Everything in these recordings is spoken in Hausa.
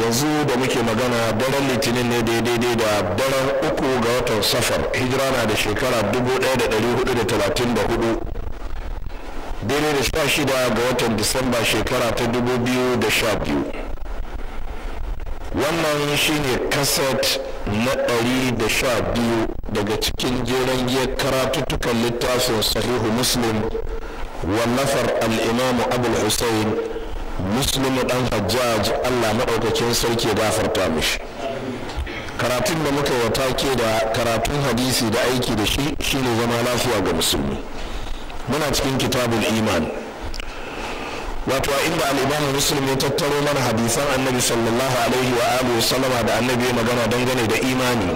yanzu da muke magana daren litinin ne daidai da daren uku ga watan safar hijira na da shekara 1434 daidai da sha shida ga watan disamba shekara ta 2012 wannan shine kaset na 112 daga cikin jeren giyar karatuttukan littafin sahihu muslim wallafar al'imamu abul hussein muslim dan hajjaj allah maɗaukakin sarki ya gafarta mishi karatun da muka wata ke da karatun hadisi da aiki da shi shine zama lafiya ga musulmi muna cikin kitabul iman wato a inda al'imamu muslim ya tattaro mana hadisan annabi sallallahu alaihi wa alihi sallama da annabi ya magana dangane da imani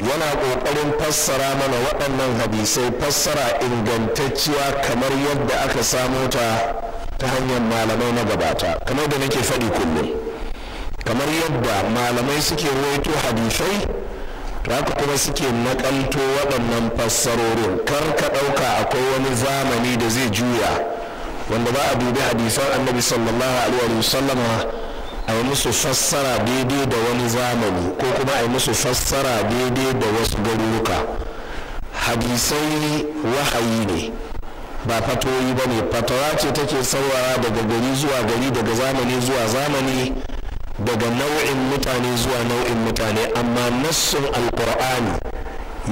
yana ƙoƙarin fassara mana waɗannan hadisai fassara ingantacciya kamar yadda aka samo ta ta hanyar malamai na gabata kamar da nake faɗi kullum kamar yadda malamai suke ruwaito hadisai to haka kuma suke nakalto waɗannan fassarorin kar ka ɗauka akwai wani zamani da zai juya wanda ba a dubi hadisan annabi sallallahu alaihi wasallama a yi musu fassara daidai da wani zamani ko kuma a yi musu fassara daidai da wasu garuruka hadisai wahayi ne ba fatoyi ba ne fatawa ce take sauwara daga gari zuwa gari daga zamani zuwa zamani daga nau'in mutane zuwa nau'in mutane amma nassun alkur'ani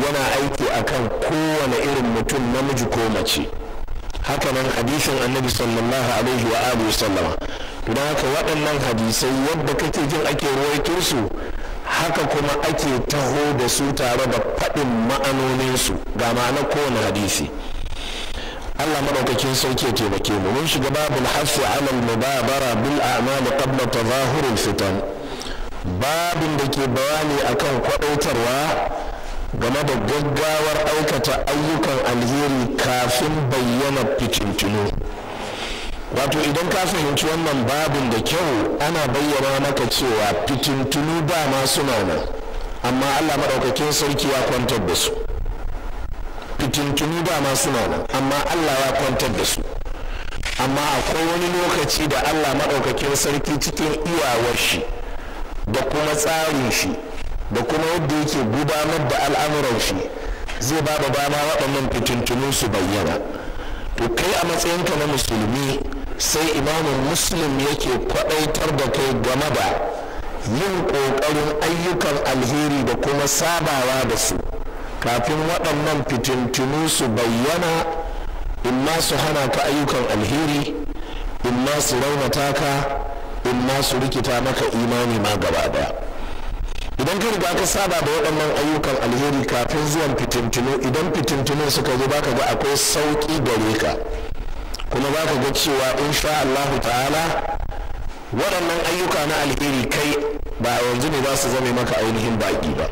yana aiki a kan kowane irin mutum namiji ko mace hakanan hadisin annabi sallallahu alaihi wa alihi sallama don haka waɗannan hadisai yadda kake jin ake ruwaito su haka kuma ake taho da su tare da faɗin ma'anoninsu ga ma'anar kowane hadisi Allah madaukakin sauke ya taimake mu mun shiga babul hafi alal mubabara bil a'mal qabla tazahuril fitan babin da ke bayani akan kwadaitarwa game da gaggawar aikata ayyukan alheri kafin bayyana fitintunu wato idan ka fahimci wannan babin da kyau ana bayyana maka cewa fitintunu dama suna ne amma allah maɗaukakin sarki ya kwantar da su ba ma suna nan amma Allah ya kwantar da su amma akwai wani lokaci da Allah maɗaukakin sarki cikin iyawar shi da kuma tsarin shi da kuma yadda yake gudanar da al'amuran shi zai ba da dama waɗannan fitintunu su bayyana to kai a matsayinka na musulmi sai imamin muslim yake kwaɗaitar da kai game da yin ƙoƙarin ayyukan alheri da kuma sabawa da su kafin waɗannan fitintunu su bayyana imma su hana ka ayyukan alheri imma su raunata ka imma su rikita maka imani ma gaba daya idan ka riga ka saba da waɗannan ayyukan alheri kafin zuwan fitintunu idan fitintunu suka zo baka ga akwai sauƙi gare ka kuma baka ga cewa insha Allahu ta'ala waɗannan ayyuka na alheri kai ba yanzu ne za su zame maka ainihin baƙi ba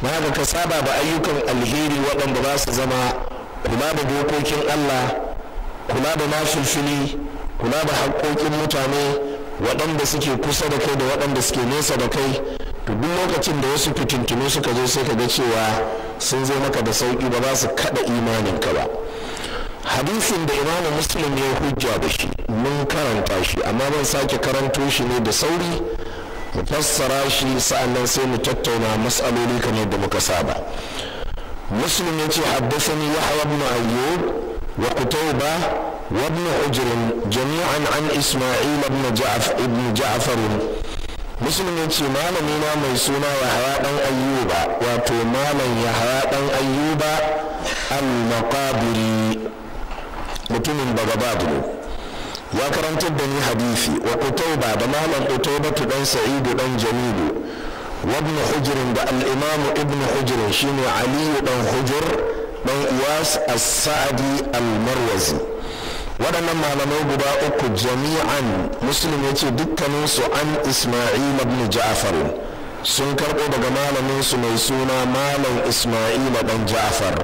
ba ka saba ba ayyukan alheri waɗanda ba su zama kula da dokokin allah kula da mafilfili kula da haƙoƙin mutane waɗanda suke kusa da kai da waɗanda suke nesa da kai to duk lokacin da wasu fitintunu suka zo sai ka ga cewa sun zo maka da sauƙi ba za su kaɗa imaninka ba hadisin da imamu muslim ya hujja da shi mun karanta shi amma ban sake karanto shi ne da sauri mu fassara shi sa'annan sai mu tattauna matsaloli kamar da muka saba muslim yace ya hawa ibn ayyub wa qutayba wa ibn ujr jami'an an isma'il ibn ja'f ibn ja'far muslim malami na mai suna hawa dan ayyuba wato malam hawa dan ayyuba al-maqabiri mutumin bagabadu ya karantar da ni hadisi wa kutauba da malam kutaubatu dan sa'idu dan jamilu وابن da ده الإمام ابن حجر شنو علي dan حجر بن إياس السعدي المروزي waɗannan malamai guda uku jami'an muslim ya ce dukkaninsu an isma'il ibn ja'far sun karɓo daga malaminsu mai suna malam isma'il ɗan ja'far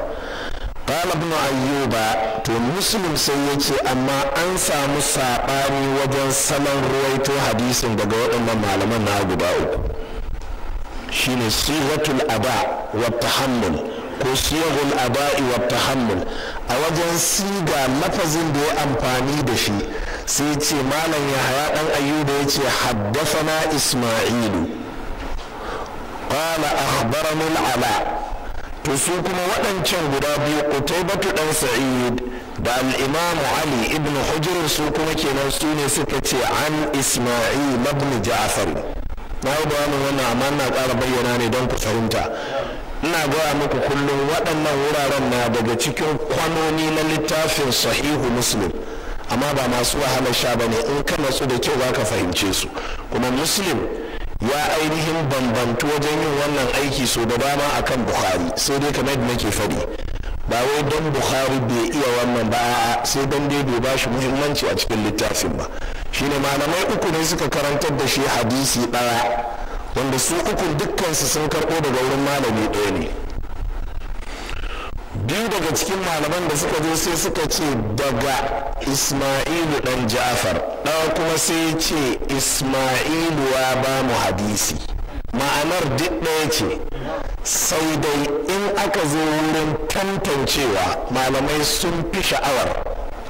ɗalib na ayyu ba to musulun sai ya ce amma an samu saɓani wajen salon ruwaito hadisin daga waɗannan malaman na guda uku shi ne siyotul aba wata hannun ko siyogun aba'i wata hannun a wajen siga mafazin da ya amfani da shi sai ce malam ya haya ɗan ayyuba da ya ce haddasa ismailu ƙwala a haɗarar to su kuma waɗancan guda biyu batu ɗan sa'id da al'imamu ali ibn hujr su kuma kenan su ne suka ce an isma'il ibn ja'far na yi bayanin wannan amma ina ƙara bayyana ne don ku fahimta ina gaya muku kullum waɗannan wuraren na daga cikin kwanoni na littafin sahihu muslim amma ba masu wahala sha ba ne in ka natsu da kyau za ka fahimce su kuma muslim ya ainihin bambantu wajen yin wannan aiki so da dama a kan bukhari sai dai kamar da nake faɗi ba wai don bukhari bai iya wannan ba sai don dai bai shi muhimmanci a cikin littafin ba shi ne malamai uku ne suka karantar da shi hadisi ɗaya wanda su uku dukkansu sun karɓo daga wurin malami ɗaya ne biyu daga cikin malaman da suka zo sai suka ce daga isma'ilu dan ja'far ɗawa kuma sai ce isma'ilu wa ba mu hadisi ma'anar duk ɗaya ce sau dai in aka zo wurin tantancewa malamai sun fi sha'awar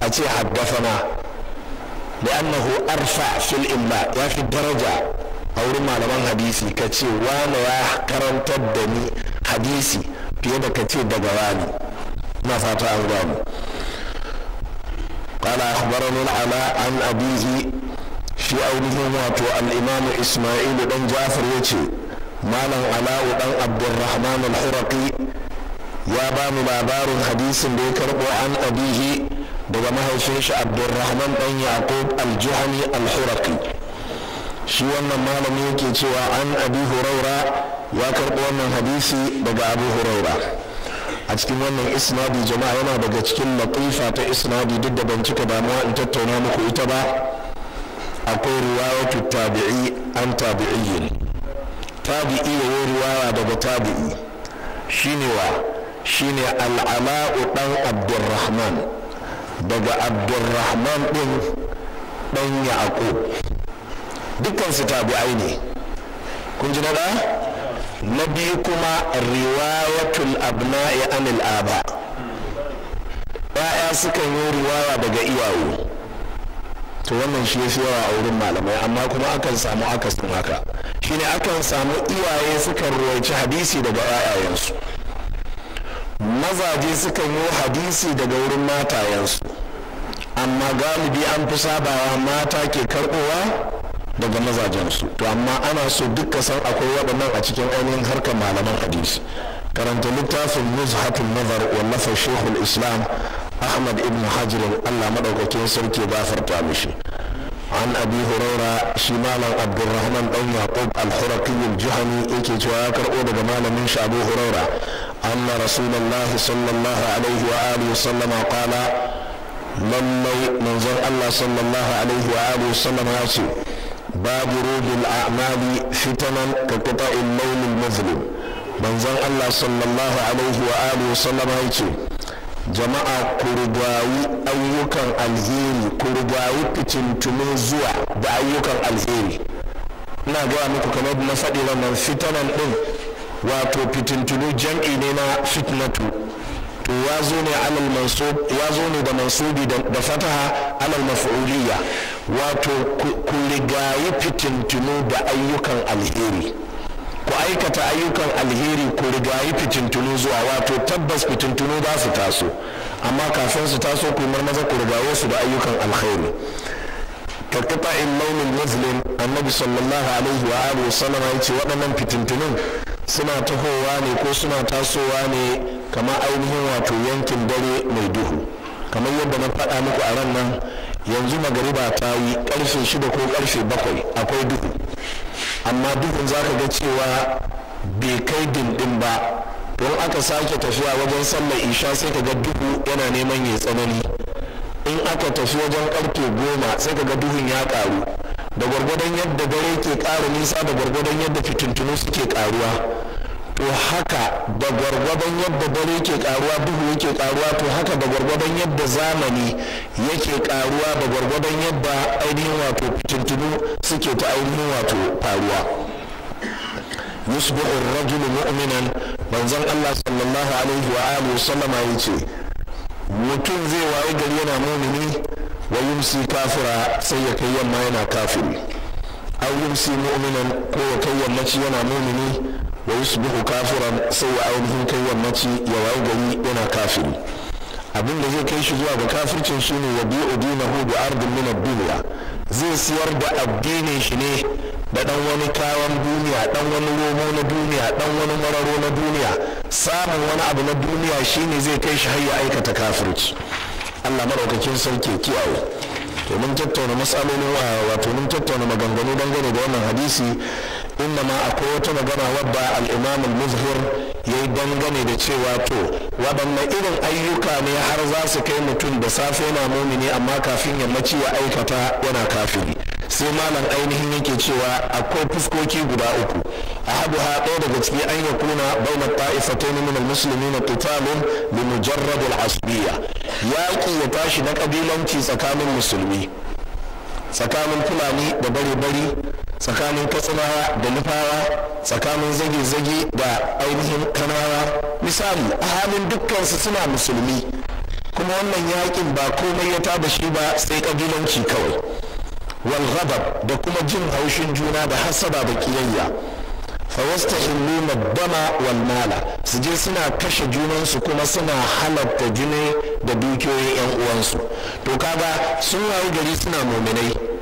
a ce haddafana ya fi daraja a wurin malaman hadisi ka ce لمن ya karantar da ni hadisi fiye da ka ce daga wani. na fata an gano قال أخبرنا العلاء عن أبيه shi ainihin wato ismailu dan jafar ya malam ala'u ɗan abdurrahman al-huraqi ya ba labarin hadisin da ya karɓo an daga mahaifin shi abdurrahman dan yaqub aljuhani juhani al-huraqi shi wannan malami yake cewa an abi huraira ya karɓo wannan hadisi daga abu huraira a cikin wannan isnadi jama'a yana daga cikin latifa ta isnadi duk da ban cika damuwa in tattauna muku ita ba akwai riwayatu tabi'i an ne tabi'i ya riwaya daga tabi'i shine wa shine al'ala'u dan abdurrahman daga abdurrahman din dan yaqub dukkan su tabi'ai ne kun ji na da na biyu kuma riwayatul abna'i anil aba ya'ya sukan yi riwaya daga iyawu to wannan shi yasa yawa a wurin malamai amma kuma akan samu akasin haka shine akan samu iyaye sukan ruwaici hadisi daga yayayensu mazaje sukan yi hadisi daga wurin matayensu amma galibi an fi sabawa mata ke karbowa daga mazajensu to amma ana so duka san akwai waɗannan a cikin ainihin harkar malaman hadisi karanta littafin muzhatul nazar wallafa shehul islam ahmad ibn hajar allah madaukakin sarki ba farta mishi an abi hurara shi malam abdurrahman dan yaqub al-huraqi al-juhani yake cewa ya karbo daga malamin shi abu hurara anna rasulullah sallallahu alaihi wa alihi wasallam qala lallai manzon allah sallallahu alaihi wa alihi wasallam ya ce بادروا بالأعمال فتنا كقطع اللون المظلم من زن الله صلى الله عليه وآله وسلم هيتي jama'a ku rubawi ayyukan alheri ku rubawi zuwa da ayyukan alheri ina gaya muku kamar na faɗi wannan fitanan ɗin wato fitintunu jam'i ne na fitnatu to ya zo ne alal mansub ya zo ne da mansubi da fataha alal maf'uliyya wato ku rigayi fitintunu da ayyukan alheri ku aikata ayyukan alheri ku rigayi fitintunu zuwa wato tabbas fitintunu za su taso amma kafin su taso ku maza ku rigaye su da ayyukan alheri ka in launin muslim annabi sallallahu alaihi wa alihi wa ya yace waɗannan fitintunun suna tahowa ne ko suna tasowa ne kamar ainihin wato yankin dare mai duhu kamar yadda na faɗa muku a ran nan yanzu magariba ta yi ƙarfe shida ko ƙarfe bakwai akwai duhu amma duhun za ka ga cewa bai kai dindin ba don aka sake tafiya wajen sallar isha sai ka ga duhu yana neman ya tsanani in aka tafi wajen ƙarfe goma sai ka ga duhun ya ƙaru da gwargwadon yadda dare ke ƙara nisa da gwargwadon yadda fitintunu suke ƙaruwa to haka da gwargwadon yadda dare ke karuwa duhu yake karuwa to haka da gwargwadon yadda zamani yake karuwa da gwargwadon yadda ainihin wato fitintunu suke ta ainihin wato faruwa yusbihu ar-rajulu mu'minan manzon Allah sallallahu alaihi wa alihi wa sallama yace mutum zai wayi gari yana mumini wa yumsi kafira sai ya kai yamma yana kafiri aw yumsi mu'minan ko ya kai yammaci yana mumini wa yusbihu kafiran sai ya ainihin kai yammaci ya wayi gari yana kafiri abin da zai kai shi zuwa ga kafircin shine ya bi'u hu bi ardin min ad zai siyar da addinin shi ne da dan wani kawan duniya dan wani romo na duniya dan wani mararo na duniya samun wani abu na duniya shine zai kai shi har ya aikata kafirci Allah maraukakin sarki kiyaye to mun tattauna matsalolin wato mun tattauna maganganu dangane da wannan hadisi ma akwai wata magana wadda al'imamin muzhir ya yi yayi dangane da cewa to waɗanne irin ayyuka ne har za su kai mutum da safe yana mumini amma kafin yammaci ya aikata yana kafiri sai malam ainihin yake cewa akwai fuskoki guda uku A haɗu ɗaya daga ciki an ya kuna baina ta'ifatayn min al-muslimin qitalun bi mujarrad al-asbiya ya tashi na kabilanci tsakanin musulmi tsakanin fulani da bari-bari tsakanin katsinawa da nufawa tsakanin zage-zage da ainihin kanawa misali a halin dukkansu suna musulmi kuma wannan yakin ba komai ya taba shi ba sai kabilanci kawai wal da kuma jin haushin juna da hasaba da kiyayya fa yastahilluna dama wal mala su je suna kashe junansu kuma suna halatta jini da dukiyoyin yan uwansu to kaga sun wayi gari suna muminai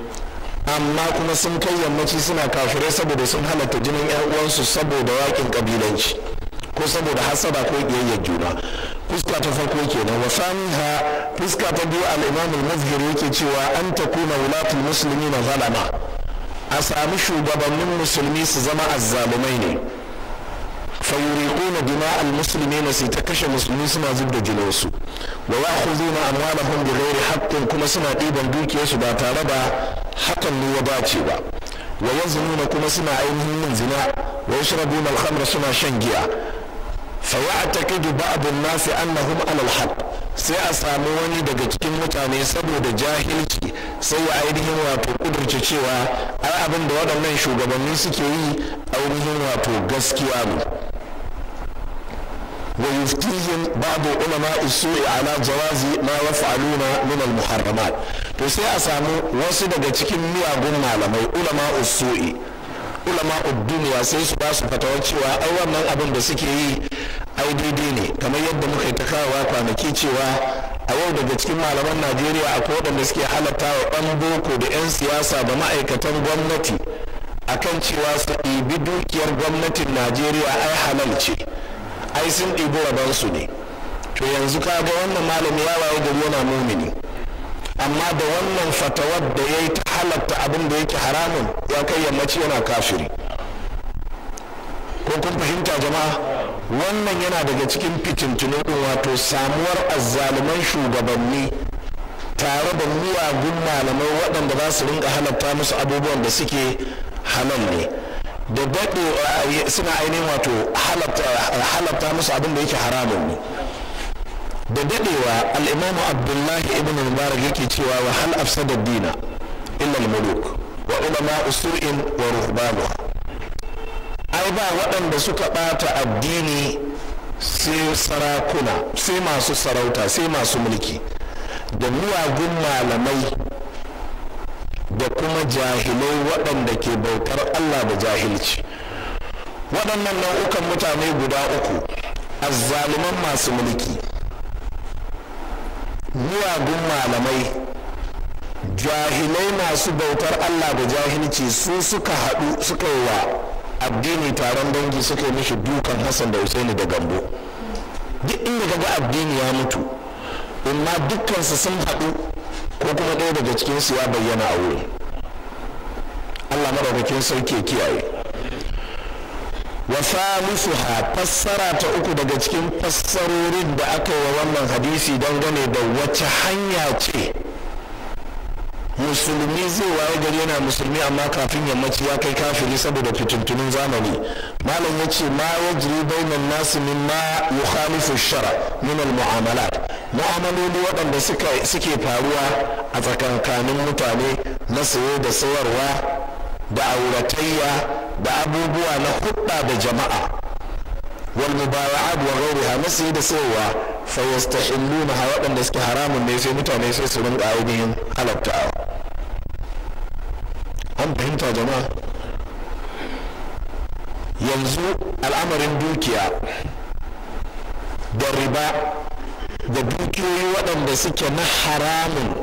amma kuma sun kai yammaci suna kafirai saboda sun halatta jinin yan uwansu saboda yakin kabilanci ko saboda hasada ko kiyayya juna fuska ta farko kenan wa samiha fuska ta biyu al-imam al yake cewa an takuna wulatul muslimina zalama a sami shugabannin musulmi su zama azzalumai ne fayuriquna dima'al muslimina su ta kashe musulmi suna zub da jinansu wa ya'khuduna amwalahum bighairi haqqin kuma suna ɗiban dukiyarsu ba tare da hakan ne ya dace ba wa yazununa kuma suna ainihin yin zina wa yashrabuna al suna shan giya fa ya'taqidu ba'd an-nasi annahum 'ala al sai a samu wani daga cikin mutane saboda jahilci sai ya ainihin wato kudurce cewa ai abin da waɗannan shugabanni suke yi ainihin wato gaskiya ne ويفتيهم بعض علماء السوء على جواز ما يفعلون من المحرمات to sai a samu wasu daga cikin miyagun malamai ulama usu'i ulama duniya sai su ba su fatawar cewa ai wannan abin da suke yi ai ne kamar yadda muka yi ta kawowa kwanaki cewa a yau daga cikin malaman najeriya akwai waɗanda suke halatta wa ɗan boko da 'yan siyasa da ma'aikatan gwamnati akan cewa su ɗibi dukiyar gwamnatin najeriya ai halal ce ai sun ɗibi su ne to yanzu ka ga wannan malami ya waye gari yana mumini amma da wannan fatawar da ya yi ta halatta abin da yake haramun ya kai yammaci yana kafiri ko kun fahimta jama'a wannan yana daga cikin fitintunin wato samuwar azzaluman shugabanni tare da miyagun malamai waɗanda za su rinka halatta musu abubuwan da suke halal ne da daɗe eh, suna ainihin wato halabta musu abin da yake haramun ne da daɗewa al'imamu abdullahi ibn mubarak yake cewa wa hal afsada dina illa al-muluk wa ulama usurin wa ruhbanu ai ba waɗanda suka ɓata addini sai sarakuna sai masu sarauta sai masu mulki da miyagun malamai da kuma jahilai waɗanda ke bautar Allah da jahilci waɗannan nau'ukan mutane guda uku azzaluman masu mulki miyagun malamai jahilai masu bautar Allah da jahilci su suka haɗu suka yi wa addini taron dangi suka yi mishi dukan Hassan da Usaini da Gambo duk inda kaga addini ya mutu amma dukkansu sun haɗu ko kuma ɗaya daga cikinsu ya bayyana a wuri allah maɗaukakin sauke kiyaye wa ha fassara ta uku daga cikin fassarorin da aka yi wa wannan hadisi dangane da wace hanya ce musulmi zai waye gari yana musulmi amma kafin yammaci ya kai kafiri saboda fitintunin zamani malam ya ce ma ya jiri bainan nasu min ma yukhalifu shara min al mu'amalat mu'amaloli waɗanda suke faruwa a tsakankanin mutane na saye da sayarwa da auratayya da abubuwa na hudda da jama'a wal mubaya'at wa ghayriha na saye da sayarwa sai yastahilluna ha waɗanda suke haramun ne sai mutane sai su rinka ainihin halatta an fahimta jama'a yanzu al'amarin dukiya da riba da dukiyoyi waɗanda na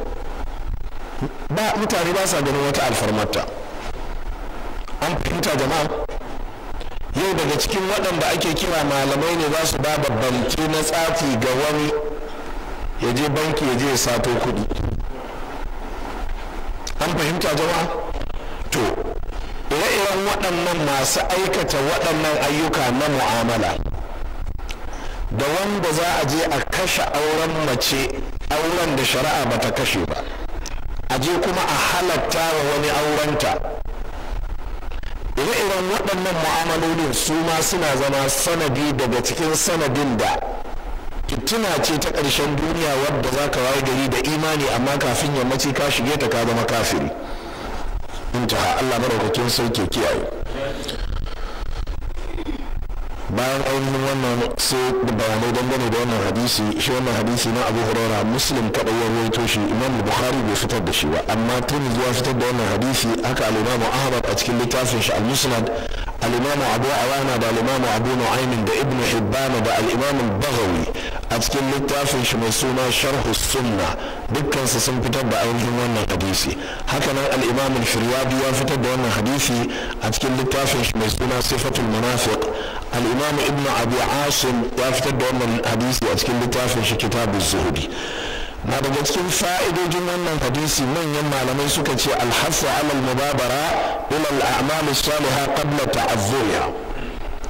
ba mutane ba sa ganin wata alfarmarta an fahimta jama'a yau daga cikin waɗanda ake kira malamai ne za su ba da banki na tsafi ga wani ya je banki ya je ya sato kuɗi an fahimta jama'a to ire-iren waɗannan masu aikata waɗannan ayyuka na mu'amala da wanda za a je a kashe auren mace auren da shari'a bata kashe ba a je kuma a halatta wa wani aurenta ire iran waɗannan mu'amalolin su ma suna zama sanadi daga cikin sanadin da fitina ce ta ƙarshen duniya wadda za ka waye gari da imani amma kafin yammaci ka shige ta ka zama kafiri intaha allah maraukakin sauke kiyaye بعد أن نقصد بعنى دمنا دون حديثي شو ما حديثنا أبو هريرة مسلم كأول ويتوشي إمام البخاري بفتح دشي وأما تين زوافت دون حديثي أك الإمام أحمد أتكلم لتافش المسند الإمام أبو عوانة ده الإمام أبو نعيم ده ابن حبان ده الإمام البغوي أتكلم لتافش مسونا شرح السنة دكان سسم كتاب بعين دمنا حديثي هكذا الإمام الفريابي وفتح دون حديثي أتكلم لتافش مسونا صفة المنافق imam ibn abi asim ya fitar da wannan hadisi a cikin littafin shi kitabun zuhudi na daga cikin fa'idojin wannan hadisi manyan malamai suka ce alhassa alal mubabara ilal a'mal salihah qabla ta'azzuriha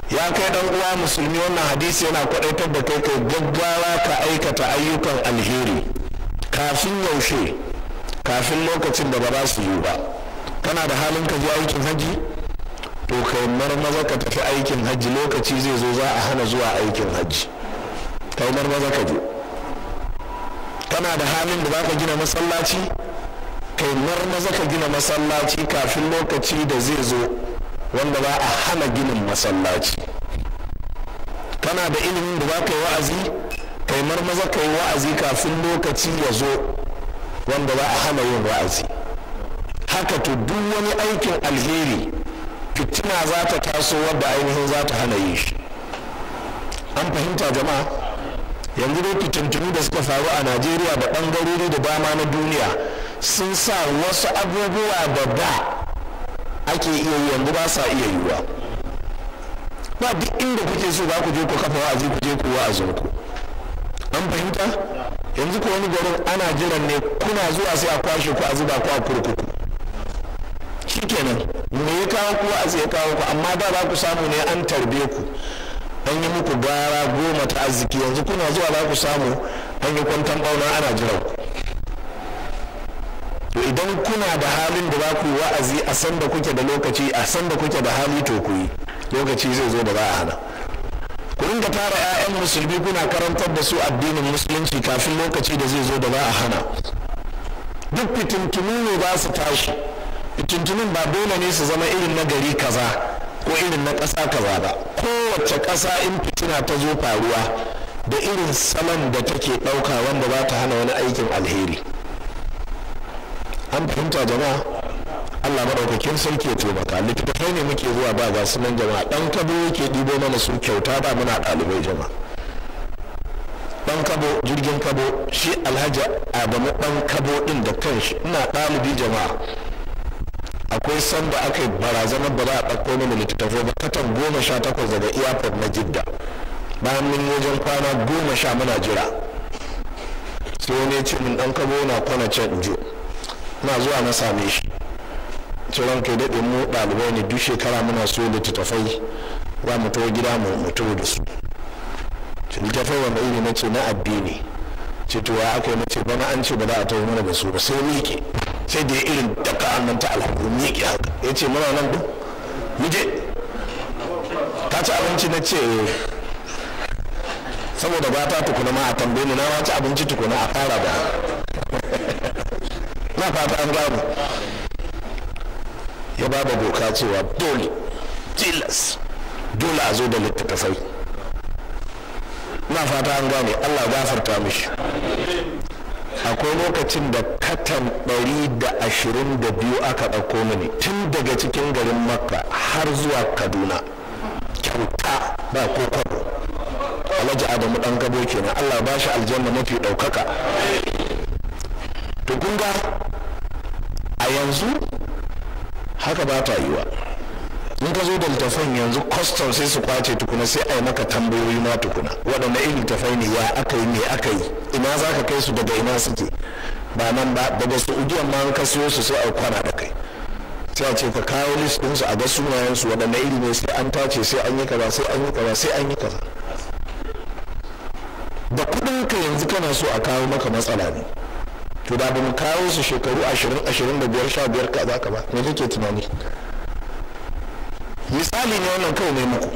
ya kai dan uwa musulmi wannan hadisi yana kwadaitar da kai kai gaggawa ka aikata ayyukan alheri kafin yaushe kafin lokacin da ba za su ba kana da halin ka je aikin hajji. to kai marmaza ka tafi aikin hajji lokaci zai zo za a hana zuwa aikin hajji kai marmaza ka je kana da halin da za ka gina masallaci kai marmaza ka gina masallaci kafin lokaci da zai zo wanda za a hana ginin masallaci kana da ilimin da za ka yi wa'azi kai marmaza ka yi wa'azi kafin lokaci ya zo wanda za a hana yin wa'azi haka to duk wani aikin alheri fitina za ta taso wadda ainihin za ta hana yi shi an fahimta jama'a yanzu dai fitintunu da suka faru a najeriya da ɓangarori da dama na duniya sun sa wasu abubuwa da da ake iya yi yanzu ba sa iya wa ba duk inda kuke so ba ku je ku kafa wa'azi ku je ku wa'azin ku an fahimta yanzu ko wani garin ana jiran ne kuna zuwa sai a kwashe ku a zuba ku a kurkuku shikenan me ya kawo ku a ya kawo ku amma da za ku samu ne an tarbe ku an yi muku gara goma ta arziki yanzu kuna zuwa za ku samu an yi kwantan bauna ana jiran to idan kuna da halin da za ku yi wa'azi a san da kuke da lokaci a san da kuke da hali to ku yi lokaci zai zo da za a hana ku ringa tara 'ya'yan musulmi kuna karantar da su addinin musulunci kafin lokaci da zai zo da za a hana duk fitintunu ne za su tashi tuntunin ba dole ne su zama irin na gari kaza ko irin na ƙasa kaza ba kowace ƙasa in fitina ta zo faruwa da irin salon da take ɗauka wanda ba ta hana wani aikin alheri an fahimta jama'a allah maɗaukakin sarki ya taimaka littattafai ne muke zuwa ba ga sunan jama'a ɗan kabo yake ɗibo mana su kyauta ba muna ɗalibai jama'a ɗan kabo jirgin kabo shi alhaji adamu ɗan kabo ɗin da kanshi ina ɗalibi jama'a akwai sanda aka yi barazanar ba za a ɗauko mini littattafai ba katon goma sha takwas daga airport na jidda bayan mun wajen kwana goma sha muna jira sai wani ya ce mun ɗan kabo na kwana can jo na zuwa na same shi ciran kai daɗe mu ɗalibai ne duk shekara muna so littattafai za mu tawo gida mu mutu da su littattafai wanda iri na ce na addini ce to ya aka yi na bana an ce ba za a tawo mana da su ba sai miƙe sai da ya irin daga hannun ta alhaku ke haka ya ce muna nan duk muje ta ci abinci na ce saboda ba ta tukuna ma a tambaye ni na ma ci abinci tukuna a fara ba na fata an gano ya ba da doka cewa dole tilas dole a zo da littattafai na fata an gane allah gafarta mishi akwai lokacin da katan da da ashirin biyu aka ɗauko mini tun daga cikin garin makka har zuwa kaduna kyauta ba ko kwabo alhaji adamu ɗan gabo kenan allah ba shi aljanna mafi ɗaukaka to a yanzu haka ba ta yiwa in ka zo da littafin yanzu kwastam sai su kwace tukuna sai a yi maka tambayoyi ma tukuna waɗanda irin littafai ne ya aka yi me aka yi ina za ka kai su daga ina suke ba nan ba daga ujiyar ma an kasuwa su sai a kwana da kai sai a ce ka kawo list ɗinsu a ga sunayensu waɗanne iri ne sai an tace sai an yi kaza sai an yi kaza sai an yi kaza da kudin ka yanzu kana so a kawo maka matsala ne to da ba mu kawo su shekaru ashirin ashirin da biyar sha biyar ka za ka ba me kake tunani misali ne wannan kawai ne muku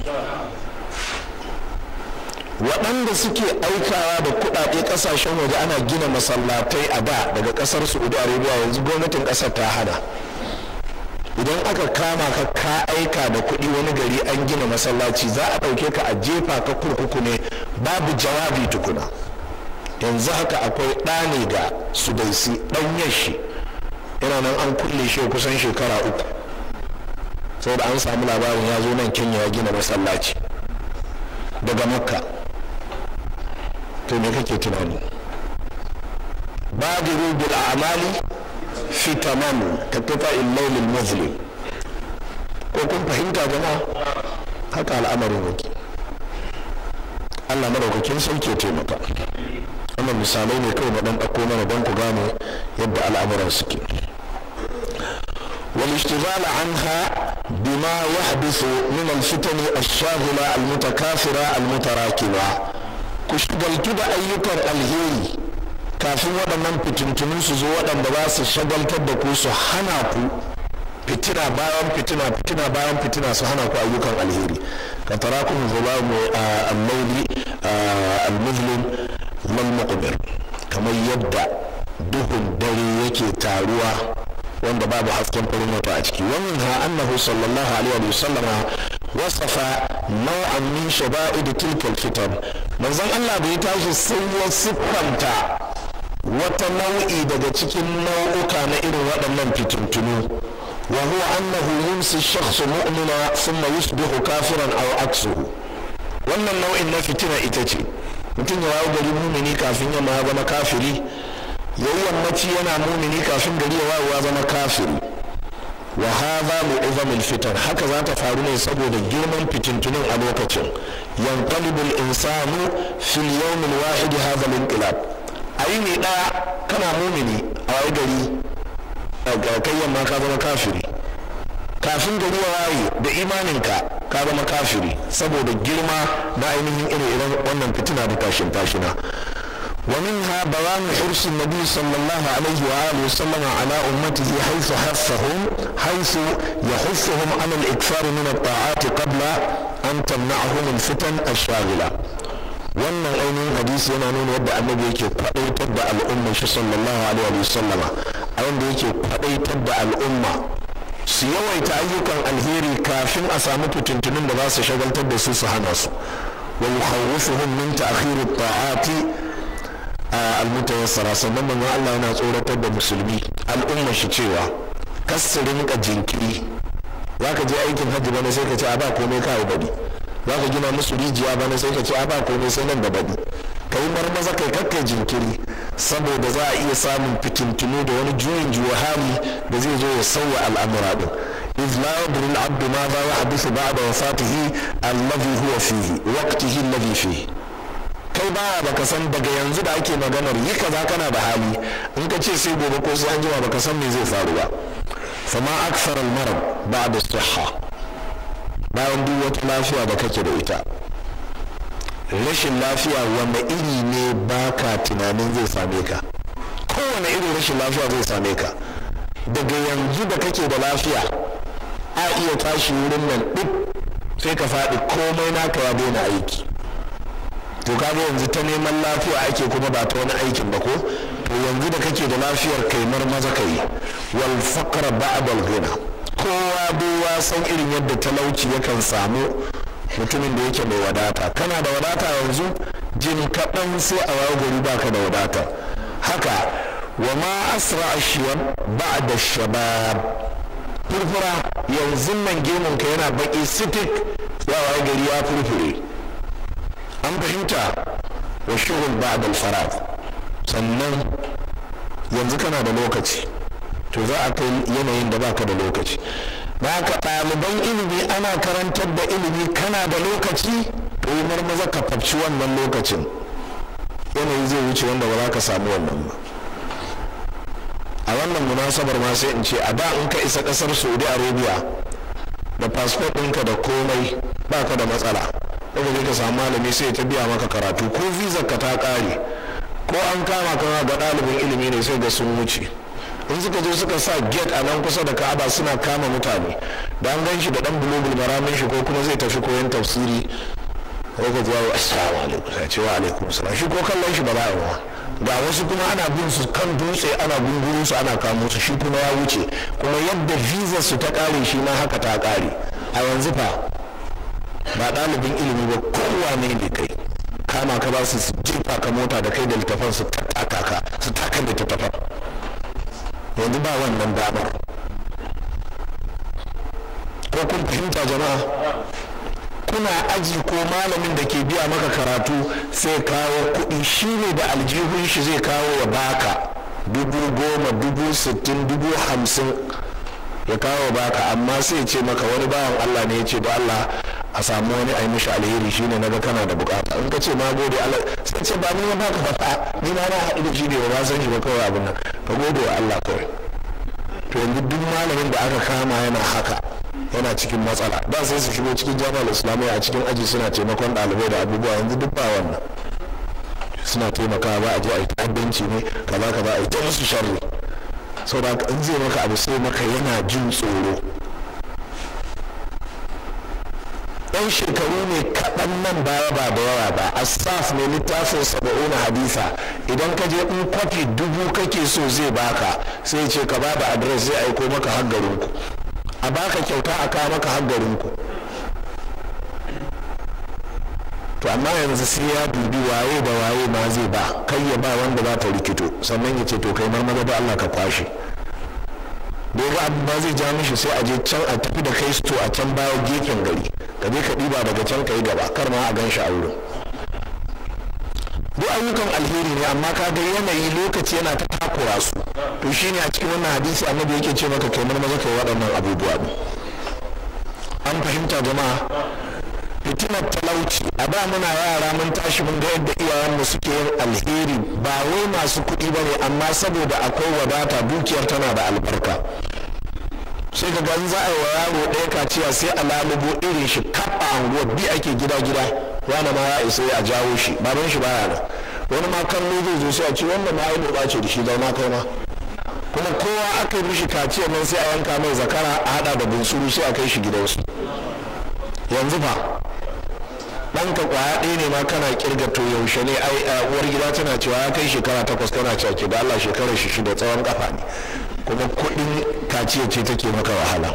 waɗanda suke aikawa da kuɗaɗe ƙasashen waje ana gina masallatai a da daga ƙasar saudi arabia yanzu gwamnatin ƙasar ta hada idan aka kama ka ka aika da kuɗi wani gari an gina masallaci za a ɗauke ka a jefa ka kurkuku ne babu jawabi tukuna yanzu haka akwai ɗa ne da sudaisi ɗan yashi yana nan an kulle shi kusan shekara uku saboda an samu labarin ya zo nan kenya ya gina masallaci daga makka to me kake tunani badiru bil a'mali fi tamamu ka kafa illal muzlim ko kun fahimta jama'a haka al'amarin yake Allah maraukakin sauke taimaka wannan misalai ne kawai na dan ɗauko mana don ku gane yadda al'amuran suke والاشتغال عنها بما يحدث من الفتن الشاغلة المتكاثرة المتراكمة ku shagaltu da ayyukan alheri kafin waɗannan fitintunin su zo waɗanda ba su shagaltar da ku su hana ku fitina bayan fitina fitina bayan fitina su hana ku ayyukan alheri ka tara kun zuba mu al-mauli al-muslim mal kamar yadda duhun dare yake taruwa wanda babu hasken farin wata a ciki wannan ha annahu sallallahu alaihi wa sallama wasafa nau'an min shaba'id tilkal fitan manzon Allah bai tashi sai ya siffanta wata nau'i daga cikin nau'uka na irin waɗannan fitintunu wa huwa annahu yumsi shakhsu mu'mina thumma yusbihu kafiran aw aksuhu wannan nau'in na fitina ita ce mutum ya wayo gari mumini kafin yamma ya zama kafiri yayi yammaci yana mumini kafin gari ya wayo ya zama kafiri wa hadha mil fitan haka za ta faru ne saboda girman fitintunin a lokacin yanqalibul insanu fil yawmil wahid hadha al-inqilab ayi ne daya kana mumini a wai gari kai yamma ka zama kafiri kafin gari waye da imanin ka zama kafiri saboda girma na ainihin irin wannan fitina da tashin tashina ومنها بوان حرص النبي صلى الله عليه وآله وسلم على أمته حيث حثهم حيث يحثهم على الإكثار من الطاعات قبل أن تمنعهم الفتن الشاغلة wannan ainihin hadisi yana nuna yadda annabi yake kwadaitar da al'umma shi sallallahu alaihi wa sallam a wanda yake kwadaitar da al'umma su yawaita ayyukan alheri kafin a samu fitintunin da za su shagaltar da su su hana su wa yukhawwifuhum min ta'khir at-ta'ati almutayassara sannan manzon Allah yana tsoratar da musulmi al'umma shi cewa kasirin ka jinkiri za ka je aikin hajji bane sai ka ce a ba komai kawai baɗi za ka gina musu rijiya bane sai ka ce a ba komai sai nan da baɗi ka yi marmaza kai kakkai jinkiri saboda za a iya samun fitintunu da wani juyin juwa hali da zai zo ya sauya al'amura din إذ لا يدري العبد ماذا يحدث بعد وفاته الذي هو فيه وقته الذي فيه kai ba baka san daga yanzu da ake maganar yi kaza kana da hali in ka ce sai gobe ko sai an jima baka san me zai faru ba sama aksar almarab ba da sihha bayan duk wata lafiya da kake da ita rashin lafiya wanda iri ne baka tunanin zai same ka kowane irin rashin lafiya zai same ka daga yanzu da kake da lafiya a iya tashi wurin nan duk sai ka faɗi komai naka ya daina aiki to kaga yanzu ta neman lafiya ake kuma ba ta wani aikin ba ko to yanzu da kake da lafiyar kai maza ka yi wal faqra ba'dal ghina kowa duwa san irin yadda talauci yakan samu mutumin da yake mai wadata kana da wadata yanzu jin kaɗan sai a wayo gari baka da wadata haka wa ma asra ashiyan ba'da shabab furfura yanzu nan gemun yana baƙi sitik ya wayo gari ya furfure an fahimta wa shirin ba da faragh sannan yanzu kana da lokaci to za a kai yanayin da baka da lokaci ba ka ɗaliban ilimi ana karantar da ilimi kana da lokaci to yi marmaza ka fafci wannan lokacin yanayi zai wuce wanda ba za ka samu wannan ba a wannan munasabar ma sai in ce a da in ka isa ƙasar saudi arabia da fasfo ɗinka da komai baka da matsala daga ka samu malami sai ta biya maka karatu ko visa ka ta kare ko an kama ka ga ɗalibin ilimi ne sai ga sun wuce in suka zo suka sa get a nan kusa da ka'aba suna kama mutane da an gan shi da dan bulogul maramin shi ko kuma zai tafi koyon tafsiri ko ka zuwa assalamu alaikum sai ce wa alaikum salam shi ko kallon shi ba za a ga wasu kuma ana bin su kan dutse ana gunguru su ana kamo su shi kuma ya wuce kuma yadda visa su ta kare shi ma haka ta kare a yanzu fa ba ɗalibin ilimi ba kowa ne ne kai kama ka ba su jirfa jefa ka mota da kai da littafan su taka ka su taka littafan yanzu ba wannan damar ko kun fahimta jama'a kuna aji ko malamin da ke biya maka karatu sai kawo kuɗi shi ne da aljihun shi zai kawo ya baka dubu goma dubu sittin dubu hamsin ya kawo baka amma sai ce maka wani bayan Allah ne ya ce ba Allah a samu wani ayi mishi alheri shine naga kana da bukata in ka ce na gode Allah sai ce ba ni ba ka faɗa ni na na haɗu da shi ne ba san shi ba kawai abin nan ka gode wa Allah kawai to yanzu duk malamin da aka kama yana haka yana cikin matsala ba sai su shigo cikin jami'ar islamiyya a cikin aji suna taimakon ɗalibai da abubuwa yanzu duk ba wannan suna taimakawa ba a je a yi ta'addanci ne kaza kaza a yi ta musu sharri saboda in zai maka abu sai maka yana jin tsoro ɗan shekaru ne kaɗan nan baya ba da yawa ba a asaf ne littafin na hadisa idan ka je in kwafi dubu kake so zai baka sai ce ka ba ba adres zai aiko maka har ku a baka kyauta a kawo maka har ku to amma yanzu sai ya dubi waye da waye ma zai ba kai ya ba wanda ba ta rikito sannan ya ce to kai marmara da Allah ka kwashe gobe abu ba zai ja mishi sai a je can a tafi da kai to a can baya gefen gari ka je ka ɗiba daga can ka yi gaba kar ma a gan shi a wurin duk ayyukan alheri ne amma ka ga yanayi lokaci yana ta takura su to shi ne a cikin wannan hadisi annabi yake ce maka kai maza kai waɗannan abubuwa ne. an fahimta jama'a fitinar talauci a ba muna yara mun tashi mun ga yadda iyayenmu suke yin alheri ba wai masu kuɗi ba ne amma saboda akwai wadata dukiyar tana da albarka sai ka gan za a yi wa yaro ɗaya kaciya sai a lalubo irin shi a anguwar bi ake gida gida wani ma ya isa a jawo shi baban shi baya da wani ma ne zai zo sai a ce wanda ma ya ce da shi zama kai ma kuma kowa aka yi mishi kaciya nan sai a yanka mai zakara a haɗa da bunsuru sai a kai shi gidansu yanzu fa ɗanka kwaya ɗaya ne ma kana kirga to yaushe ne ai uwar gida tana cewa ya kai shekara takwas kana cake da Allah shekarar shi shida tsawon kafa ne kuma kuɗin kaciya ce take maka wahala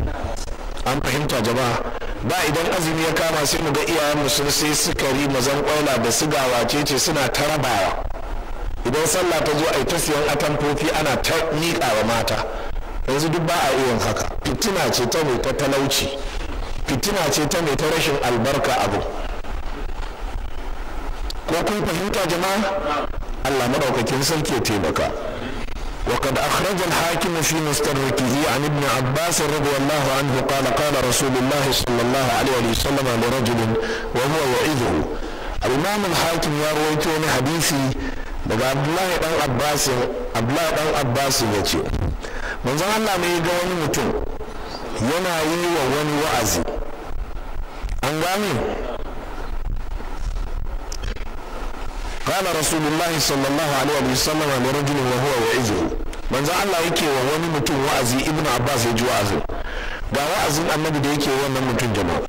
an fahimta jama'a ba idan azumi ya kama sai mu ga iyayen mu sun sai sukari mazan kwaila da sigawa ce ce suna tarabawa. idan sallah ta zo a yi ta siyan atamfofi ana ta miƙa wa mata yanzu duk ba a iya haka fitina ce ta mai ta talauci fitina ce ta mai ta rashin albarka abu ko kun fahimta jama'a Allah madaukakin sarki ya taimaka وقد أخرج الحاكم في مستدركه عن ابن عباس رضي الله عنه قال قال رسول الله صلى الله عليه وسلم لرجل وهو يعظه الإمام الحاكم يا رويتون حديثي daga abdullahi dan abbas abdullahi dan abbasin ya ce manzon Allah mai ga wani mutum yana yi wa wani wa'azi an gane قال رسول الله صلى الله عليه وسلم لرجل وهو وعظه من ذا الله yake wa wani mutum wa'azi ibn abbas ya ji wa'azi ga wa'azin annabi da yake wannan mutum jama'a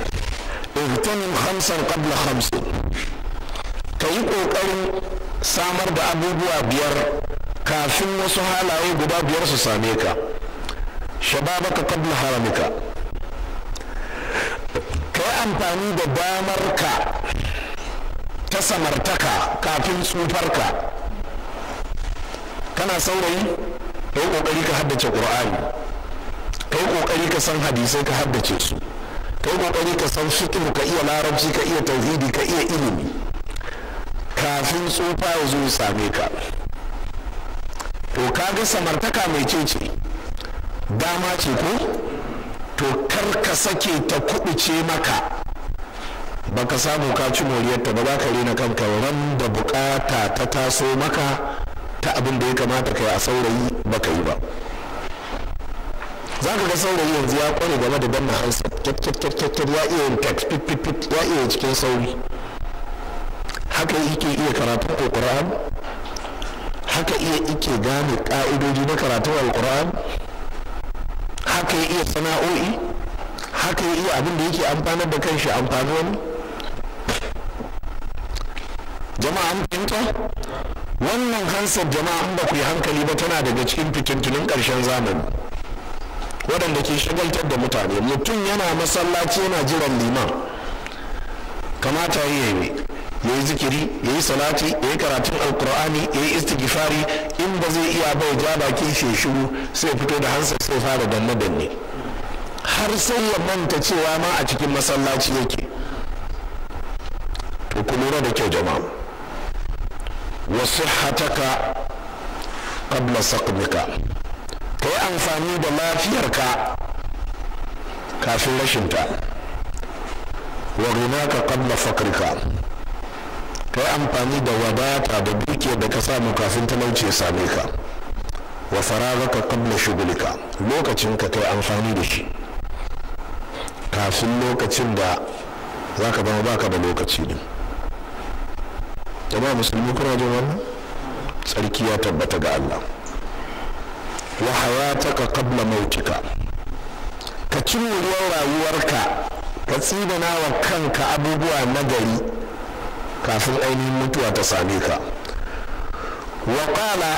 ihtanim khamsan qabla khamsin kayi kokarin samar da abubuwa biyar kafin wasu halaye guda biyar su same ka shababaka qabla haramika kai amfani da bamar ka ta samartaka kafin tsufarka kana saurayi ka yi ƙoƙari ka haddace ƙur'ani ka yi ƙoƙari ka san hadisai ka haddace su ka yi ƙoƙari ka san fiqh ka iya larabci ka iya tauhidi ka iya ilimi kafin tsufa ya zo same ka to ka ga samartaka mai cece dama ce ko to kar ka sake ta ce maka baka samu ka ci moriyarta ba za ka rena kanka ran da bukata ta taso maka ta abin da ya kamata kai a saurayi baka yi ba za ka ga saurayi yanzu ya kware game da danna hansa kyakkyakkyakkyar ya iya yin text pipipip ya iya cikin sauri haka yake iya karatun alkur'an haka iya ike gane ka'idoji na karatun alkur'an haka iya sana'o'i haka iya abin da yake amfanar da kanshi amfani wani jama'a wannan hansar jama'a ba ku yi hankali ba tana daga cikin fitintunin karshen zamani waɗanda ke shagaltar da mutane mutum yana masallaci yana jiran liman kamata ya yi ya yi zikiri ya yi salati ya yi karatun alkur'ani ya yi istighfari in ba zai iya bai ja baki shi shiru sai fito da hansa sai fara danne danne har sai ya manta cewa ma a cikin masallaci yake to ku da kyau jama'a wa sihhataka qabla ka kai amfani da lafiyarka kafin rashinta wa rinaka qabla fakrika kai amfani da wadata da duke da ka samu kafin ta ya same ka wa faragaka qabla shugulika lokacin ka kai amfani da shi kafin lokacin da zaka zama baka da lokaci ne jama'a musulmi kuna jin wannan tsarki ya tabbata ga Allah wa hayataka qabla mautika ka ruwan rayuwarka ka tsinana wa kanka abubuwa na gari kafin ainihin mutuwa ta same ka wa qala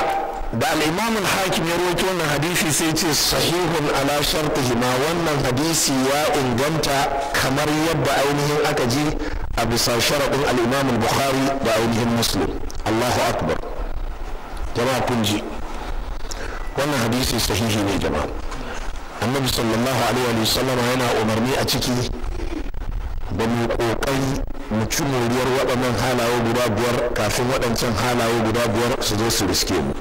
da al-imam al-hakim ya rawaito wannan hadisi sai ce sahihun ala shartihi ma wannan hadisi ya inganta kamar yadda ainihin aka ji a bisa sharaɗin al'imam bukhari da ainihin muslim allahu akbar jama'a kun ji wannan hadisi sahihi ne jama'a annabi sallallahu alaihi wa sallam yana umarni a ciki da mu kokari mu ci moriyar waɗannan halaye guda biyar kafin waɗancan halaye guda biyar su zo su riske mu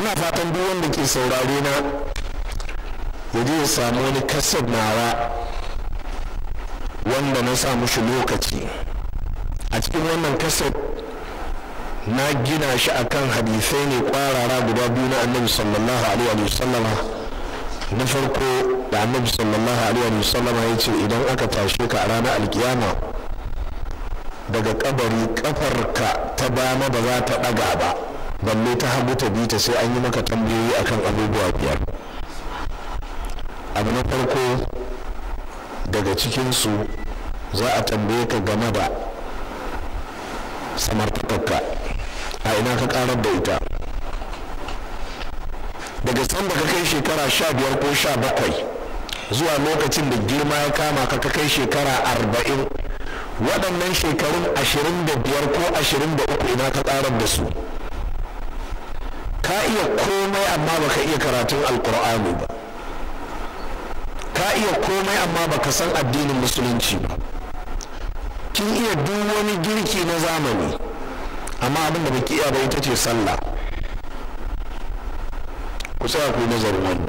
ina fatan duk wanda ke saurare na ya ya samu wani kasar nawa wanda na sa mushi lokaci a cikin wannan kasar na gina shi akan hadisai ne kwarara guda biyu na annabi sallallahu alaihi wa sallama na farko da annabi sallallahu alaihi wa sallama ya ce idan aka tashe ka a ranar alkiyama daga kabari ka ta dama ba za ta daga ba balle ta hagu ta bi ta sai an yi maka tambayoyi akan abubuwa biyar abu na farko daga cikinsu za a tambaye ka game da samartakarka a ina ka karar da ita daga da ka kai shekara sha biyar ko sha bakwai zuwa lokacin da girma ya kama ka ka kai shekara arba'in waɗannan shekarun ashirin da biyar ko ashirin da uku ina ka karar da su ka iya komai amma baka iya karatun alkur'ani ba ka iya komai amma baka san addinin musulunci ba kin iya duk wani girki na zamani amma abin da baki iya ba ita ce sallah ku tsaya ku nazarin wani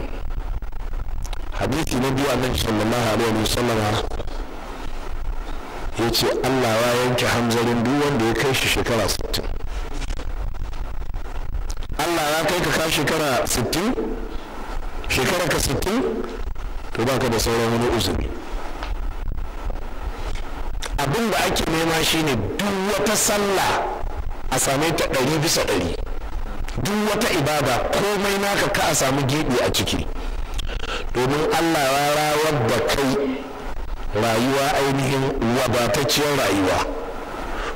hadisi na biyu annabi sallallahu alaihi wasallama ya ce allah ya yanke hamzarin duk wanda ya kai shi shekara 60 allah ya kai ka kai shekara 60 shekara ka 60 to baka da sauran wani uzuri abin da ake nema shine duk wata sallah a same ta ɗari bisa ɗari duk wata ibada komai naka ka a samu geɓe a ciki domin allah ya rawar da kai rayuwa ainihin wadatacciyar rayuwa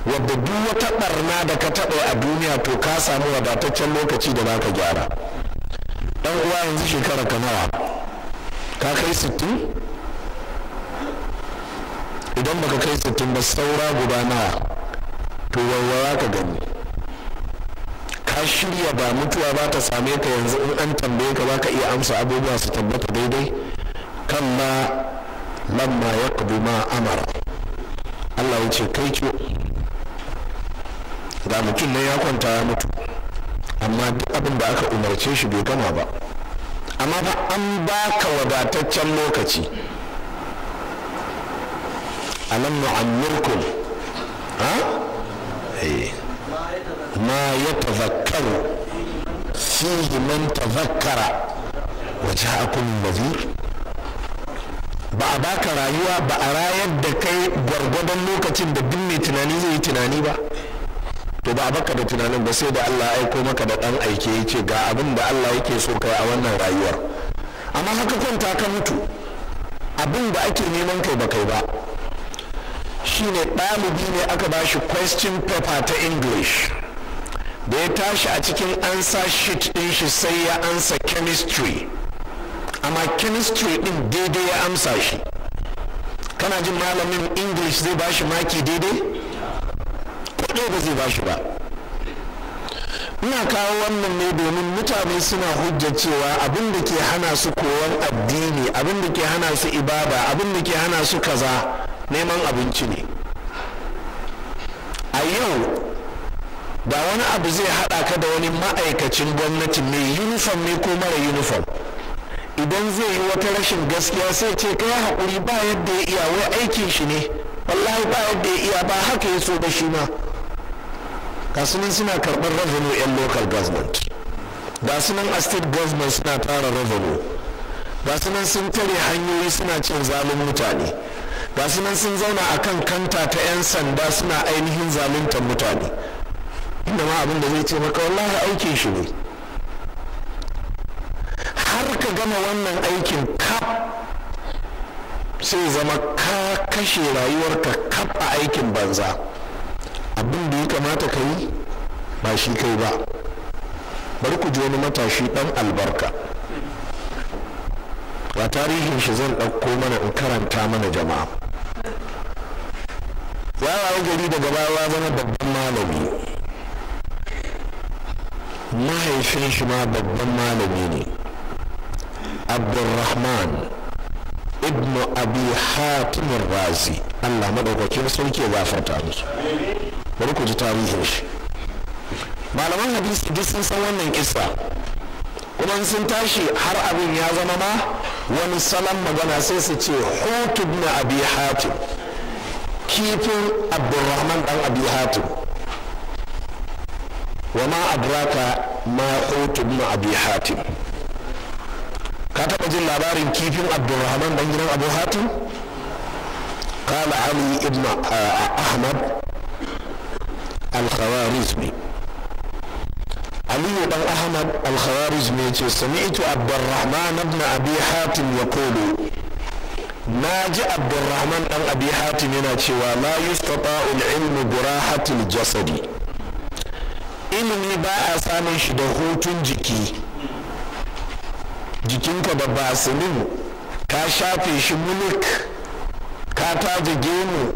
wadda duk wata barna da ka taɓa a duniya to ka samu wadataccen lokaci da za gyara ɗan uwa yanzu shekara ka ka kai sittin idan baka kai sittin ba saura guda nawa to warwara ka gani ka shirya ba mutuwa ba ta same ka yanzu in an tambaye ka ba ka iya amsa abubuwa su tabbata daidai kan ma lamma ya kubu ma amara allah ya ce kai ki da mutum ne ya kwanta ya mutu amma duk abin da aka umarce shi bai gama ba amma fa an baka wadataccen lokaci alam nu'ammirkum ha ma yatazakkaru fihi man tazakkara wa ja'akum nadhir ba a baka rayuwa ba a rayar da kai gwargwadon lokacin da duk mai tunani zai yi tunani ba to ba a baka da tunanin ba sai da Allah ya aiko maka da dan aike yace ga abin da Allah yake so kai a wannan rayuwar amma haka kwanta ka mutu abin da ake neman kai ba kai ba shine ɗalibi ne aka ba shi question paper ta english da ya tashi a cikin ansa sheet ɗin shi sai ya ansa chemistry amma chemistry ɗin daidai ya amsa shi kana jin malamin english zai ba shi maki daidai kuɗi ba zai ba shi ba ina kawo wannan ne domin mutane suna hujjar cewa abin da ke hana su koyon addini abin da ke hana su ibada abin da ke hana su kaza neman abinci ne a yau da wani abu zai haɗa ka da wani ma'aikacin gwamnati mai yunifom ne ko mara yunifom idan zai yi wata rashin gaskiya sai ce kai haƙuri ba yadda ya iya wai aikin shi ne wallahi ba yadda ya iya ba haka ya so da shi ma suna karɓar revenue 'yan local government ga sunan a state government suna tara revenue ga sunan sun tare hanyoyi suna cin zalun mutane ba su nan sun zauna a kan kanta ta 'yan sanda suna ainihin zaluntar mutane inda ma abin da zai ce maka wallahi aikin shi ne har ka gama wannan aikin ka sai zama ka kashe rayuwarka kaf a aikin banza abin da ya kamata ka yi ba shi kai ba bari ku ji wani matashi dan albarka ba tarihin shi zan ɗauko mana in karanta mana jama'a ya wayi gari daga baya zama babban malami mahaifin shi ma babban malami ne abdulrahman ibnu abi hatim razi allah maɗaukakin sarki ya gafarta musu bari ku ji tarihin shi malaman hadisi duk sun san wannan kisa kuma sun tashi har abin ya zama ma wani salon magana sai su ce hutu na abi hatim kifin abdurrahman dan abi hatim wa ma adraka ma hutu ibn abi hatim ka taɓa jin labarin kifin rahman dan gidan abu hatim قال علي بن أحمد الخوارزمي علي بن أحمد الخوارزمي سمعت عبد الرحمن abi hatim حاتم يقول na ji abdurrahman dan abi hatim yana cewa la yustata'u ilmu burahatul jasadi ilimi ba a samun shi da hutun jiki jikinka da basilin ka shafe shi mulk ka taje gemu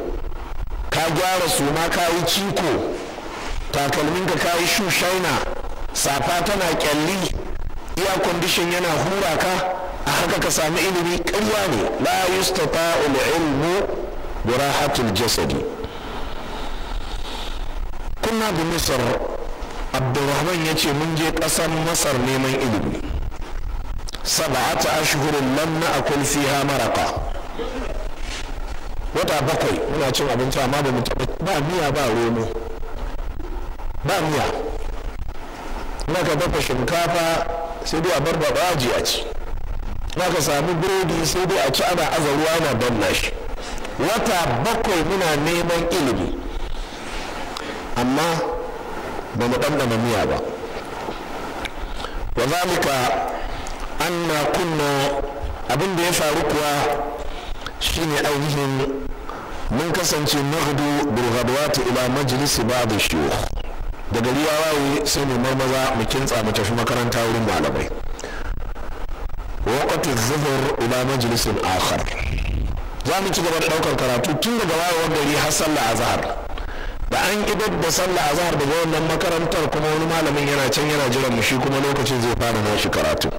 ka gyara suma ka yi ciko takalminka ka yi shushaina safa tana kyalli iya kwandishin yana hura ka a haka ka sami ilimi ƙarya ne la yustata'ul ilmu burahatul jasadi kunna bi misr abdurrahman yace mun je ƙasar masar neman ilimi sab'ata ashhurin lam na'kul fiha maraqa wata bakwai muna cin abinci amma ba mu taɓa ba miya ba romo ba miya maka dafa shinkafa sai dai a bar baji a ci za ka sami burodi sai dai a ci ana azaruwa na ana danna wata bakwai muna neman ilimi amma ba mu ɗanɗana miya ba wa an na kunna abin da ya faru kuwa shine ainihin mun kasance nahudu bilghadwati ila majlisi ba'd shuyukh da gari ya sai mu marmaza mu kintsa mu tafi makaranta wurin malamai waƙatu zuhur ila majalisin akhar za mu ci gaba da ɗaukar karatu tun daga wayewar gari har sallah azhar da an idar da sallah a zahar daga wannan makarantar kuma wani malamin yana can yana jiran mu shi kuma lokacin zai fara nashi karatu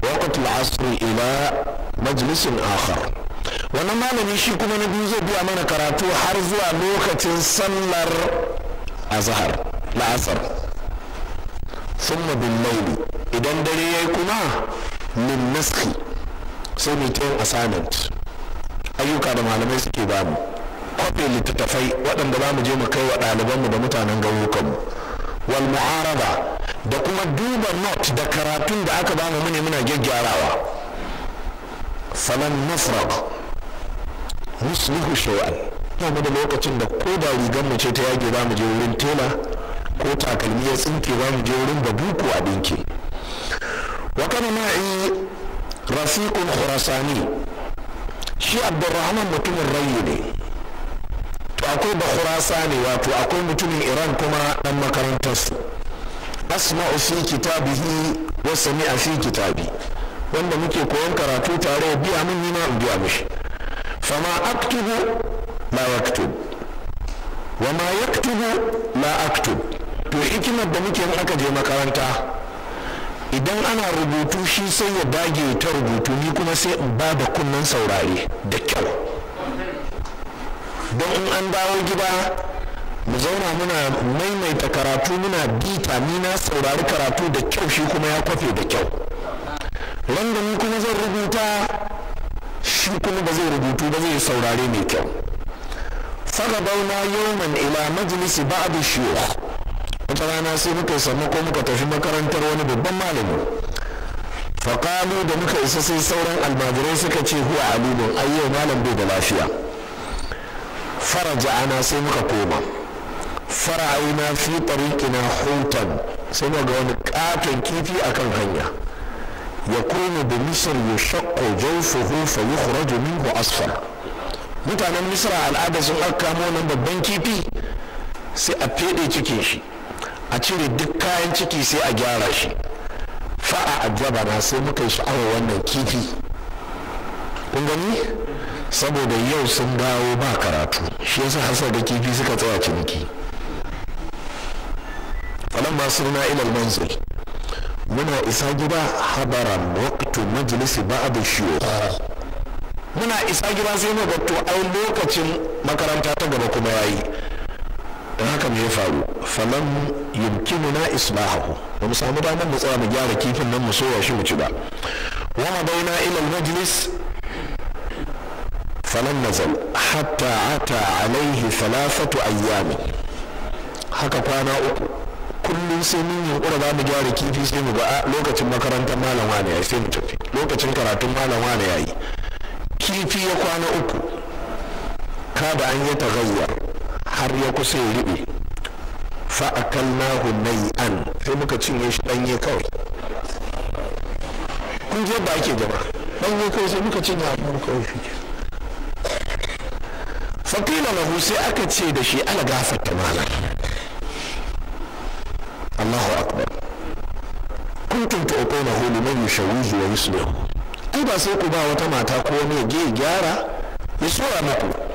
waƙatu al'asr ila majalisin akhar wannan malami shi kuma na biyu zai biya mana karatu har zuwa lokacin sallar azhar la'asar ثم بالليل idan dare ya yi kuma min naski sai mu ta assignment ayyuka da malamai suke ba mu kwafe littattafai waɗanda za mu je mu kai wa ɗalibanmu da mutanen gauyukanmu wal mu'araba da kuma duba not da karatun da aka bamu mu ne muna gyaggyarawa salon nasra nuslihu shay'an ba lokacin da ko da rigar mu ce ta yage za mu je wurin tela ko takalmi ya tsinke za mu je wurin buku a dinke وكان معي رفيق خراساني shi abdurrahman mutumin rai ne to akwai ba khurasa ne wato akwai mutumin iran kuma dan makarantarsu asma'u fi kitabihi wa sami'a fi kitabi wanda muke koyon karatu tare biya min nima in biya mishi fama aktubu la yaktub wa ma la aktub to hikimar da muke in aka je makaranta idan ana rubutu shi sai ya dage ta rubutu ni kuma sai in ba da kunnen saurari da kyau don in an dawo gida mu zauna muna maimaita karatu muna bita ni na saurari karatu da kyau shi kuma ya kwafe da kyau wanda ni kuma zan rubuta shi kuma ba zai rubutu ba zai yi saurari mai kyau fagabauna man ila majalisi a shuyukh wata rana sai muka yi sammako muka tafi makarantar wani babban malami faƙalu da muka isa sai sauran almajirai suka ce huwa alubun ayyau malam bai da lafiya faraja ana sai muka koma faraina fi tariqina hutan sai muka ga wani katon kifi akan hanya yakunu bi misr yashaqqu jawfuhu fa yukhraju minhu asfar mutanen misra al'ada sun aka kamo nan babban kifi sai a fede cikin shi a cire duk kayan ciki sai a gyara shi fa'a ajaba na sai muka yi sha'awar wannan kifi kun gani saboda yau sun dawo ba karatu shi yasa hasa da kifi suka tsaya ciniki falon ba suna ilal manzil muna isa gida habaran waqtu majlisi ba'd shuyukh muna isa gida sai mu ga to ai lokacin makaranta ta gaba kuma yayi don haka ya faru falon falam na islahahu ba mu samu damar mu tsara mu gyara kifin nan mu soya shi mu ci ba wa bayna ila majlis falon nazal hatta ata alaihi thalathatu ayyami haka kwana uku kullum sai mun yunkura za mu gyara kifi sai mu ga ah, lokacin makarantar malam wane yi sai mu tafi lokacin karatun malam wane yayi kifi ya kwana uku kada an yi tagayyar har ya kusa ya riɓe yi an sai muka cinye shi ɗanye kawai kun je ba ake gaba ɗanye kawai sai muka cinye abin kawai shi fakila lahu sai aka ce da shi ala ta mana Allahu akbar kuntum tu'tunahu liman yushawwizu wa yuslihu ai ba sai ku ba wata mata ko wani ya gyara ya sura muku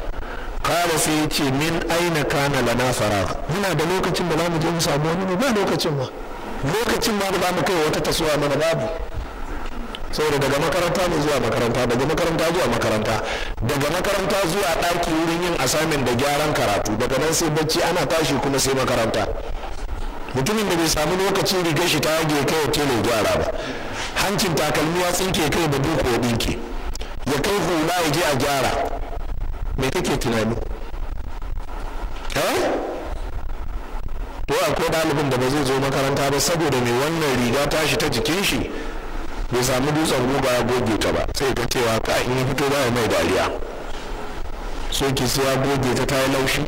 kala sai ya ce min aina kana lana fara muna da lokacin da za mu je mu samu wani ne ba lokacin ma lokacin ma ba mu kai wata tasowa mana babu saboda daga makaranta ne zuwa makaranta daga makaranta zuwa makaranta daga makaranta zuwa ɗaki wurin yin asamin da gyaran karatu daga nan sai bacci ana tashi kuma sai makaranta mutumin da bai samu lokacin rigar shi ta yage kai ya tele gyara ba hancin takalmi ya tsinke kai da duk ya dinke ya kai hula ya je a gyara me kake tunani eh? to akwai ɗalibin da ba zai zo makaranta ba saboda mai wannan riga tashi ta jikin shi bai samu dutsen guba ya goge ta ba sai ka cewa ka in ya fito baya mai dariya so ki sai ya goge ta ta yi laushi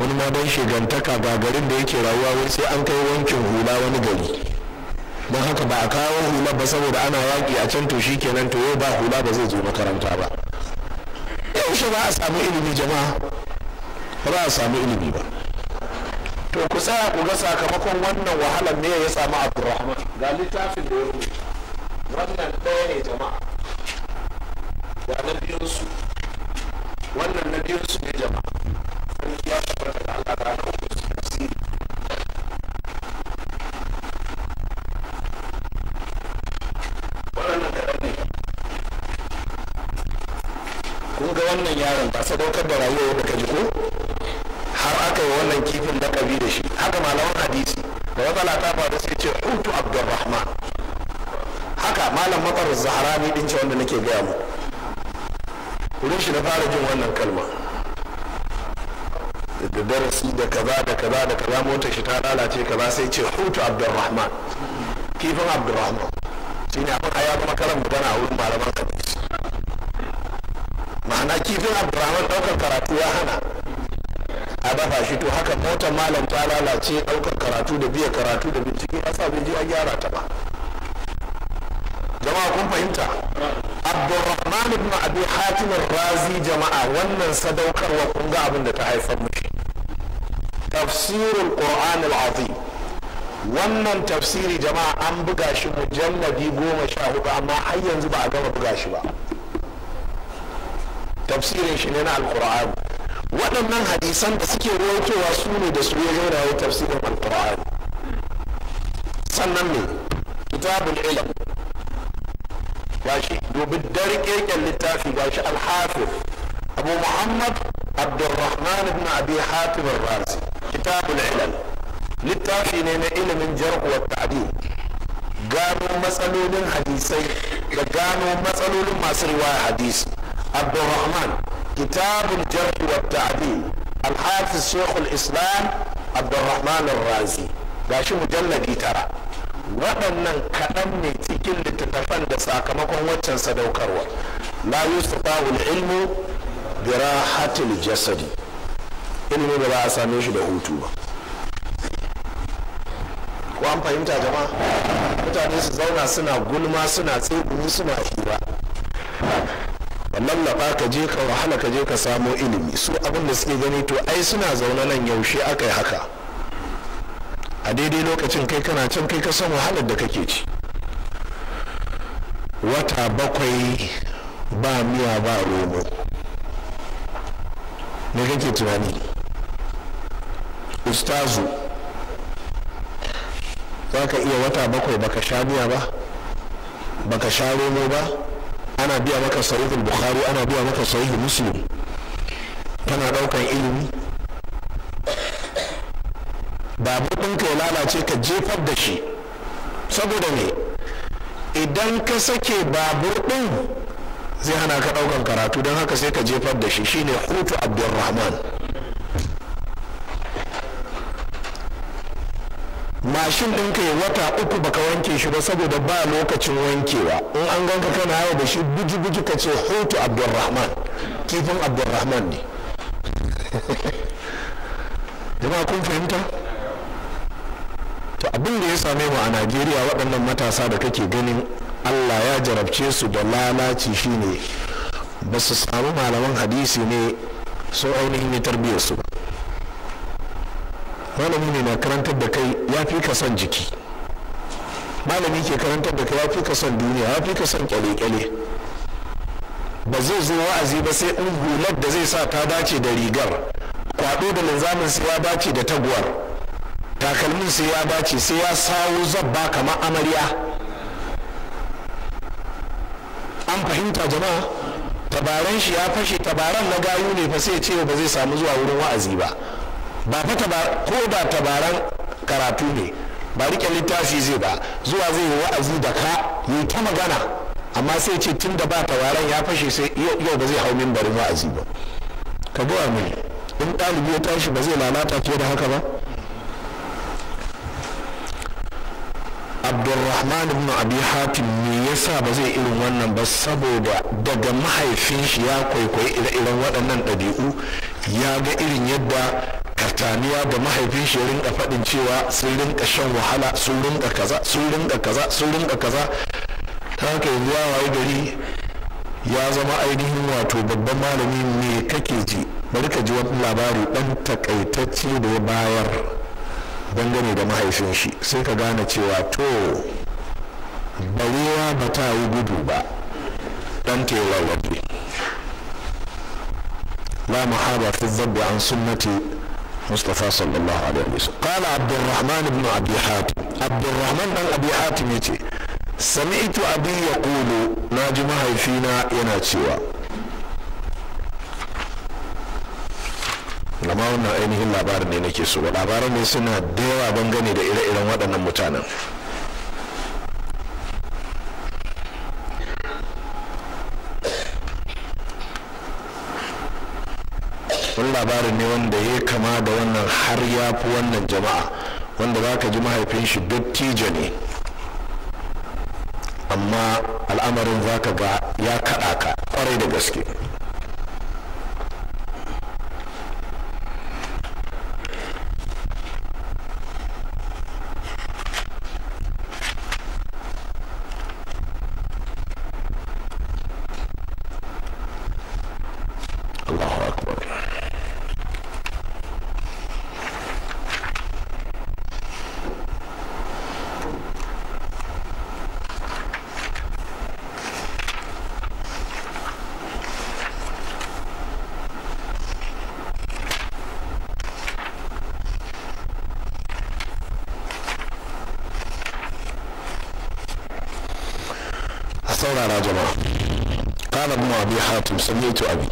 wani ma dan shigantaka ga garin da yake rayuwa wai sai an kai wankin hula wani gari don haka ba a kawo hula ba saboda ana yaƙi a can to shi kenan to yau ba hula ba zai zo makaranta ba yaushe ba a samu ilimi jama'a ba a samu ilimi ba to ku tsaya ku ga sakamakon wannan wahalar ne ya samu abdurrahman ga littafin da ya rubuta wannan ɗaya ne jama'a ga na biyunsu wannan na biyunsu ne jama'a sarki ya tabbata da allah ranar uku su tafsiri waɗannan kun ga wannan yaron ba sadaukar da rayuwa da kaji ko har aka yi wannan kifin lakabi da shi haka malamin hadisi da matsala ta faru sai ce hutu abdurrahman haka malam zahara ne din ce wanda nake gaya mu wurin shi na fara jin wannan kalma da darasi da kaza da kaza da kaza motar shi ta lalace kaza sai ce hutu abdurrahman kifin abdurrahman shine abin a ya kuma karan magana a wurin malaman hadisi Ana kifin abdurrahman ɗaukar karatu ya hana a dafa shi to haka motar malam ta lalace ɗaukar karatu da biya karatu da bincike ya sa bin ji an gyara ta ba jama'a kun fahimta abdurrahman ibn abi hatim razi jama'a wannan sadaukarwa kun ga abin da ta haifar mushi tafsirul qur'an al-azim wannan tafsiri jama'a an buga shi mujalladi goma sha hudu amma har yanzu ba a gama buga shi ba tafsirin shi ne na alkur'ani waɗannan hadisan da suke rawaitowa su ne da su ya zauna ya tafsirin alkur'ani sannan ne kitabul ilm gashi dubi darƙeƙen littafi gashi alhafiz abu muhammad abdurrahman ibn abi hatim razi kitabul ilm littafi ne na ilimin jarh wa ta'dil gano matsalolin hadisai da gano matsalolin masu riwaya hadisi عبد الرحمن كتاب الجرح والتعديل الحافظ شيخ الإسلام عبد الرحمن الرازي gashi mujalladi tara waɗannan kaɗan ne cikin littattafan da sakamakon waccan sadaukarwa la yustatahu ilmu bi rahatil jasadi ilimi ba a same shi da hutu ba ko an fahimta jama mutane su zauna suna gulma suna tsegumi suna ba lallaba ka je ka wahala ka je ka samo ilimi su abin da suke gani to ai suna zaune nan yaushe aka yi haka a daidai lokacin kai kana can kai ka san wahalar da kake ci wata bakwai ba miya ba romo ne kake tunani ustazu za ka iya wata bakwai baka sha miya ba baka sha romo ba ana biya maka sahihul bukhari ana biya maka sahih muslim kana daukan ilimi babu ɗinka ya lalace ka jefar da shi saboda ne idan ka sake babur din zai hana ka daukan karatu don haka sai ka jefar da shi shine hutu abdulrahman mashin ɗinka ya wata uku baka wanke shi ba saboda ba lokacin wankewa in an ganka kana yawo da shi buji-buji ka ce hutu abdulrahman kifin abdulrahman ne jama'a kun fahimta to abin da ya same mu a najeriya waɗannan matasa da kake ganin allah ya jarabce su da lalaci shine ba su samu malaman hadisi ne sun ainihin ya tarbiyyar su ba malami ne na karantar da kai ya fi ka son jiki malami ke karantar da kai ya fi ka son duniya ya fi ka son kyale-kyale ba zai zo wa'azi ba sai in hular da zai sa ta dace da rigar kwado da linzamin sai ya dace da taguwar takalmin sai ya dace sai ya sawo zabba kamar amarya an fahimta jama'a tabaran shi ya fashe tabaran na gayu ne fa sai ce ba zai samu zuwa wurin wa'azi ba ba fa ko da tabaran karatu ne ba rike littafi zai ba zuwa zai yi wa'azi da ka yi ta magana amma sai ce tun da ba tabaran ya fashe sai yau ba zai hau mimbarin wa'azi ba ka gawa mini in ɗalibi ya tashi ba zai lalata fiye da haka ba abdulrahman ibn abi hatim me yasa ba zai irin wannan ba saboda daga mahaifin shi ya kwaikwayi ire-iren waɗannan ɗabi'u ya ga irin yadda kataniya da mahaifin shi rinka faɗin cewa sun rinka shan wahala sun rinka kaza sun rinka kaza sun rinka kaza ta haka yanzu ya waye gari ya zama ainihin wato babban malami ne kake ji bari ka ji wani labari ɗan takaitacce da ya bayar dangane da mahaifin shi sai ka gane cewa to barewa ba ta yi gudu ba ɗan yi waje la muhaba fi zabbi an sunnati مصطفى صلى الله عليه وسلم قال عبد الرحمن بن ابي حاتم عبد الرحمن بن ابي حاتم يتي سمعت ابي يقول ناجم هيفينا يناتشوا amma wannan ainihin labarin ne nake so labaran ne suna da yawa bangane da ire-iren waɗannan mutanen wani labarin ne wanda ya kama da wannan har ya fi wannan jama'a wanda za ka ji mahaifin shi dattijo ne amma al'amarin za ka ga ya kaɗa ka kwarai da gaske saurara jama'a qala mu abi hatim sami'tu abi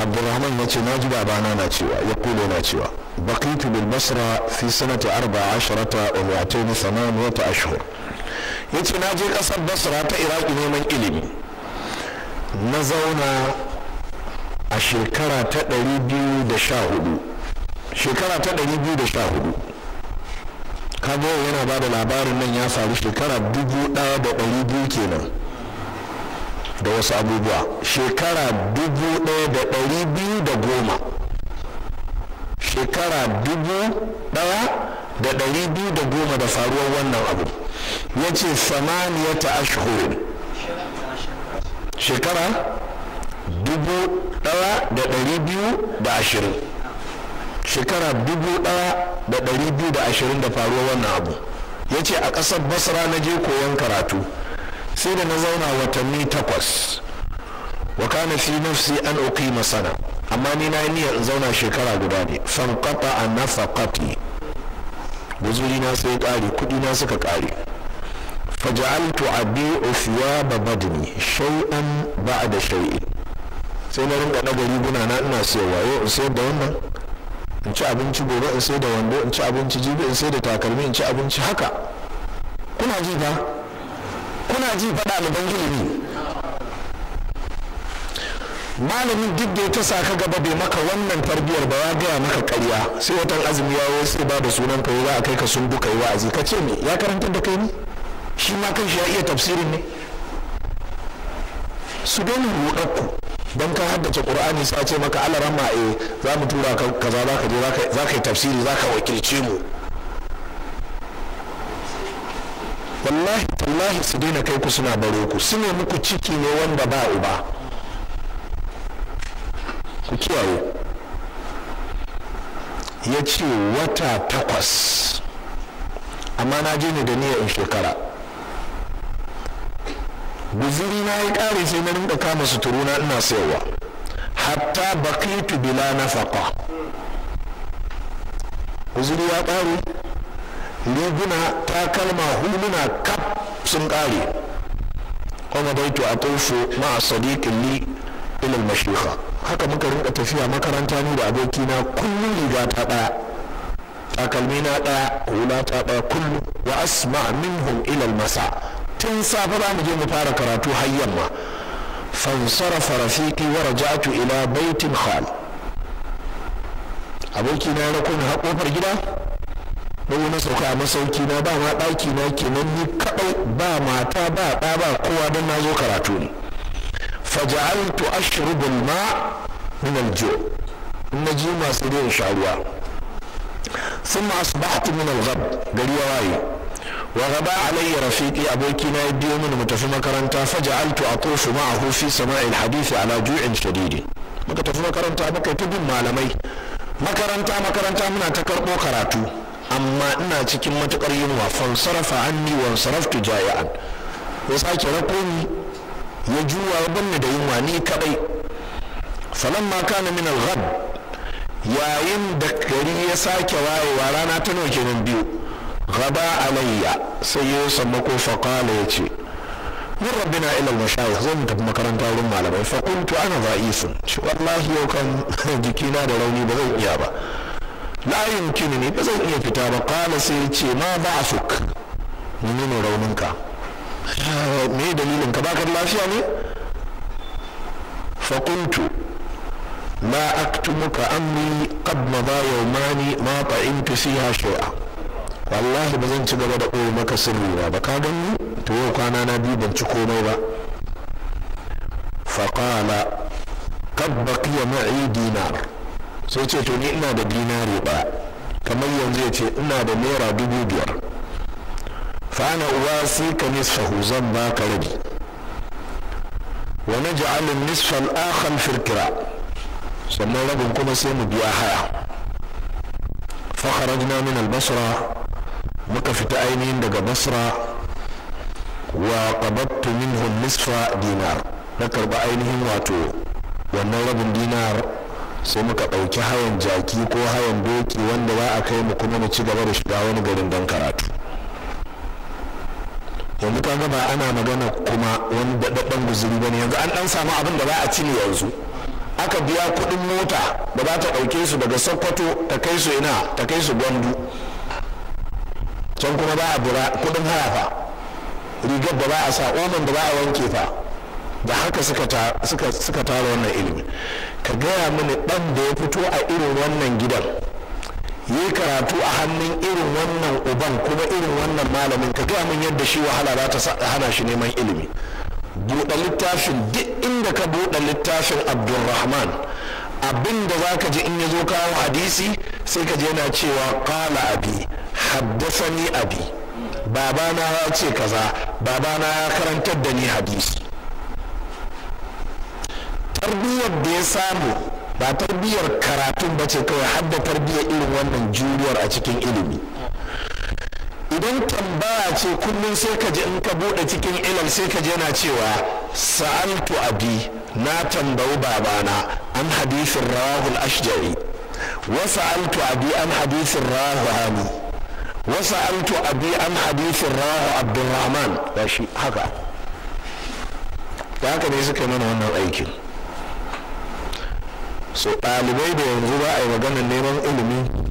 abdurrahman yace ji babana na cewa ya kula na cewa baqitu bil basra fi sanati 14 wa wa ashhur yace na je kasar basra ta iraki neman ilimi na zauna a shekara ta 214 shekara ta 214 kago yana ba da labarin nan ya faru shekara dubu ɗaya da ɗari biyu kenan da wasu abubuwa shekara dubu ɗaya da ɗari biyu da goma shekara dubu ɗaya da ɗari biyu da goma da faruwar wannan abu ya ce samaniyata ashirin shekara dubu ɗaya da ɗari biyu da ashirin shekara dubu ɗaya da ɗari biyu da ashirin da faruwar wannan abu ya ce a ƙasar basra na je koyon karatu sai da na zauna watanni takwas wa kana fi nafsi an uqima sana amma ni na yi niyyar in zauna shekara guda ne fan qata an nafaqati guzuri na sai kare kudi na suka kare faj'altu abi'u thiyaba badni shay'an ba'da shay'in sai na rinka nagari guna na ina sayarwa yau in sayar da wannan in ci abinci gobe in sayar da wando in ci abinci jibi in sayar da takalmi in ci abinci haka kuna ji ba kuna ji faɗa da ban ilimi malamin duk da ya tasa ka gaba bai maka wannan tarbiyar ba ya gaya maka karya sai watan azumi ya yi sai ba da sunan ka za a kai ka sun buka yi wa'azi ka ce me ya karantar da kai ne shi ma kan shi ya iya tafsirin ne su daina ku don ka haddace qur'ani sai ce maka alarama eh za mu tura ka kaza za ka je za ka yi tafsiri za ka wakilce mu wallahi su daina kai ku suna baro ku su ne muku ciki ne wanda ba uba ku kiyaye ya ce wata takwas amma na je ne da niyyar in shekara guziri na yi kare sai na rinka kama suturu na ina sayarwa hatta bakitu bila nafaka guziri ya kare riguna takalma huluna kaf sun ƙare Kuma dai to a tofo ma a sadiqin li ilal mashika haka muka rinka tafiya makaranta ni da abokina kullum riga ta ɗaya takalmi na ɗaya hula ta ɗaya kullum wa asma minhum ilal masa tun safe za mu je mu fara karatu har yamma fansarafa rafiqi wa raja'tu ila baitin khal abokina ya rakun har kofar gida sai na sauka a masauki na ba ma ɗaki na kenan ni kaɗai ba mata ba ɗa ba kowa don na zo karatu ne faja'altu ashrubul ma min aljo in na ji masu ruwan sha ruwa ثم أصبحت من الغد gari ya waye wa gaba alayya rafiqi abokina ya biyo mini mu tafi makaranta faja'altu atufu ma'ahu fi sama'i alhadith ala ju'in shadid muka tafi makaranta muka yi tudun malamai makaranta makaranta muna ta karɓo karatu amma ina cikin matukar yunwa fansarafa anni wan saraftu jaya'an ya sake rako ni ya juwa ya banni da yunwa ni kadai falamma kana min al yayin da gari ya sake wayewa rana ta nawa nan biyu gaba alayya sai ya samu ko ya ce min rabbina ila ilal mashayikh zan tafi makaranta wurin malamai fa kuntu ana shi wallahi yau kan jikina da rauni ba zan iya ba la yumkinuni ba zan iya fita ba kala sai ya ce ma ba ne raunin rauninka me dalilin ka baka lafiya ne fa qultu aktumuka amri qad madha yawmani ma ta'intu fiha shay'a wallahi ba zan ci gaba da koyo maka sirri ba ba ka gani to yau kwana na biyu ban ci komai ba fa qala qad baqiya ma'i dinar sai ce to ni ina da dinari ba kamar yanzu ya ce ina da naira dubu biyar ana uwa sai ka nisfahu zan ba ka rabi wa naj'al an nisfa al-akhar fi al-kira sannan rabin kuma sai mu biya haya fa kharajna min al-basra muka fita ainihin daga basra wa qabadtu minhu nisfa dinar na karba ainihin wato wannan rabin dinar sai muka ɗauki hayan jaki ko hayan doki wanda ba a kai mu kuma mu ci gaba da shiga wani garin don karatu yanzu ka gaba ana magana kuma wani daɗaɗɗen guzuri bane yanzu an ɗan samu abin da za a cini yanzu aka biya kuɗin mota da za ta ɗauke su daga sokoto ta kai su ina ta kai su gwandu can kuma ba a bura kuɗin harafa rigar da ba a sa omen da ba a wanke fa da haka suka tara wannan ilimi ka gaya mini dan da ya fito a irin wannan gidan yi karatu a hannun irin wannan uban kuma irin wannan malamin ka gaya min yadda shi wahala za ta hana shi neman ilimi buɗe littafin duk inda ka buɗe littafin abdulrahman abin da za ka ji in ya zo kawo hadisi sai ka je yana cewa kala abi haddasa ni abi babana ya ce kaza babana ya karantar da ni hadisi tarbiyyar da ya samu ba tarbiyyar karatun ba ce kawai har da tarbiyyar irin wannan juriyar a cikin ilimi idan tambaya ce kullum sai ka je in ka bude cikin ilal sai ka je na cewa sa'altu abi na tambayi babana an hadisin rawahul ashjari wa sa'altu abi an hadisin rawahu hani wa sa'altu abi an hadisin rawahu abdurrahman shi haka da haka ne suka mana wannan aikin so ɗalibai da yanzu ba a yi maganar neman ilimi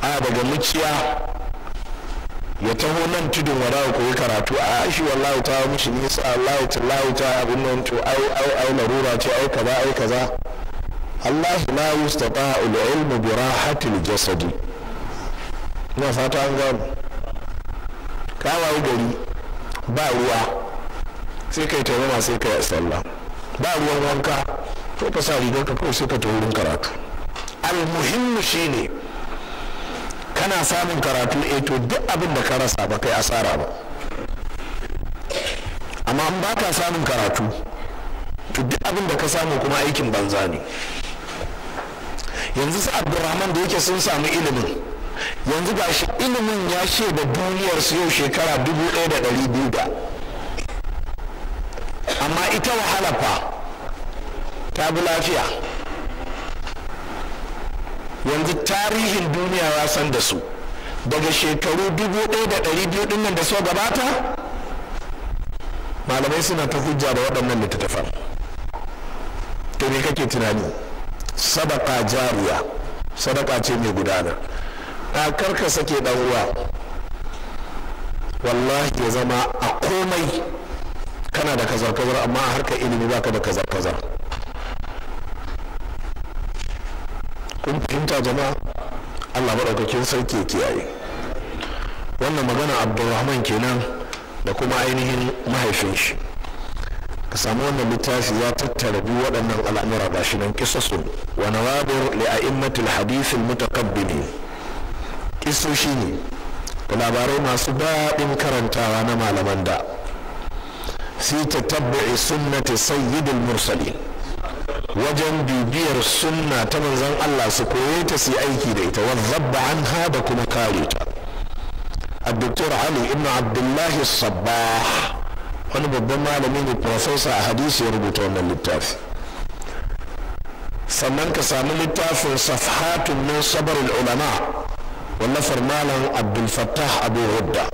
a daga muciya ya taho nan tudun wa dawo koyi karatu a shi wallahi ta mushi nisa wallahi tallahu ta abin nan to Ai, ai, au larura ce ai kaza ai kaza Allah la yustata al ilmu bi rahatil jasadi ina fata an gano kawai gari ba ruwa sai kai taimama sai kai sallah ba ruwan wanka ko ka sa rigar ka kawai sai ka tafi wurin karatu almuhimmu shine kana samun karatu eh to duk abin da ka rasa ba kai asara ba amma in baka samun karatu to duk abin da ka samu kuma aikin banza ne yanzu su abdurrahman da yake sun samu ilimin yanzu ga shi ilimin ya ce da duniyar su yau shekara dubu ɗaya da ɗari biyu da amma ita wahala fa ta bi lafiya yanzu tarihin duniya ya san da su daga shekaru 1200 din nan da so gabata malamai suna ta hujja da waɗannan littattafan to ne kake tunani sadaka jariya sadaka ce mai gudana a karka sake ɗan uwa wallahi ya zama a komai kana da kazar kazar amma a harkar ilimi baka da kazar kazar kun fahimta jama'a allah maɗaukakin sarki ya kiyaye wannan magana abdulrahman kenan da kuma ainihin mahaifin shi ka samu wannan littafi ya tattara biyu waɗannan al'amura ba shi nan kisasu wa nawabir li a'immatil hadith al mutaqabbili kisoshi ne da labarai masu daɗin karantawa na malaman da si tabbaci sunnati sayyidil mursalin wajen bibiyar sunna ta manzon Allah su koye ta su aiki da ita wadda zabba anha da kuma kare ta A علي ibn abdullahi الله wani babban malami ne profesa a hadisi ya rubuta wannan littafi sannan ka sami littafin safhatun min sabarul ulama wallafar malam abdul fattah abu hudda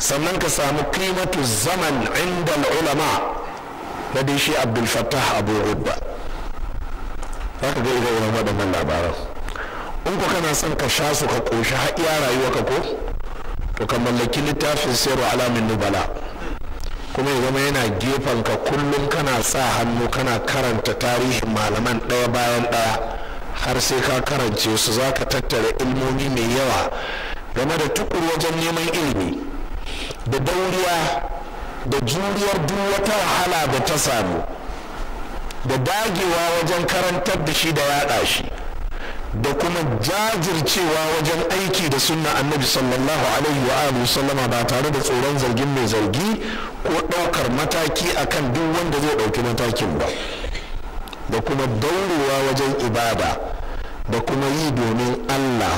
sannan ka samu qimatu zaman inda ulama na dai shi abdul fattah abu rubba za ka ga irin waɗannan labaran in ku kana son ka sha su ka ƙoshi har iya rayuwa ka ko to ka mallaki littafin sayarwa alamin nubala kuma ya zama yana gefen ka kullum kana sa hannu kana karanta tarihin malaman ɗaya bayan ɗaya har sai ka karance su za ka tattara ilmomi mai yawa game da tukur wajen neman ilimi da dauriya da juriyar duk wata wahala da ta samu da dagewa wajen karantar da shi da yaɗa shi da kuma jajircewa wajen aiki da sunna annabi sallallahu alaihi wa alihi sallama ba tare da tsoron zargin mai zargi ko ɗaukar mataki akan duk wanda zai ɗauki matakin ba da kuma daurewa wajen ibada da kuma yi domin allah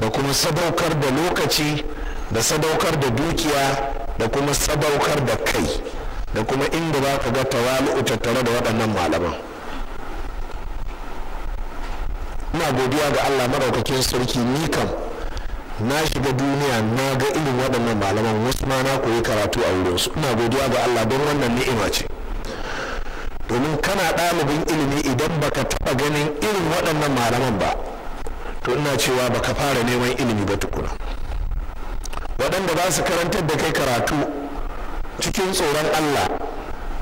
da kuma sadaukar da lokaci da sadaukar da dukiya da kuma sadaukar da kai da kuma inda za ka ga tawali'u tattare da waɗannan malaman ina godiya ga allah maɗaukakin sarki ni kam na shiga duniya na ga irin waɗannan malaman wasu ma na koyi karatu a wurinsu ina godiya ga allah don wannan ni'ima ce domin kana ɗalibin ilimi idan baka taɓa ganin irin waɗannan malaman ba to ina cewa baka fara neman ilimi ba tukuna waɗanda za su karantar da kai karatu cikin tsoron allah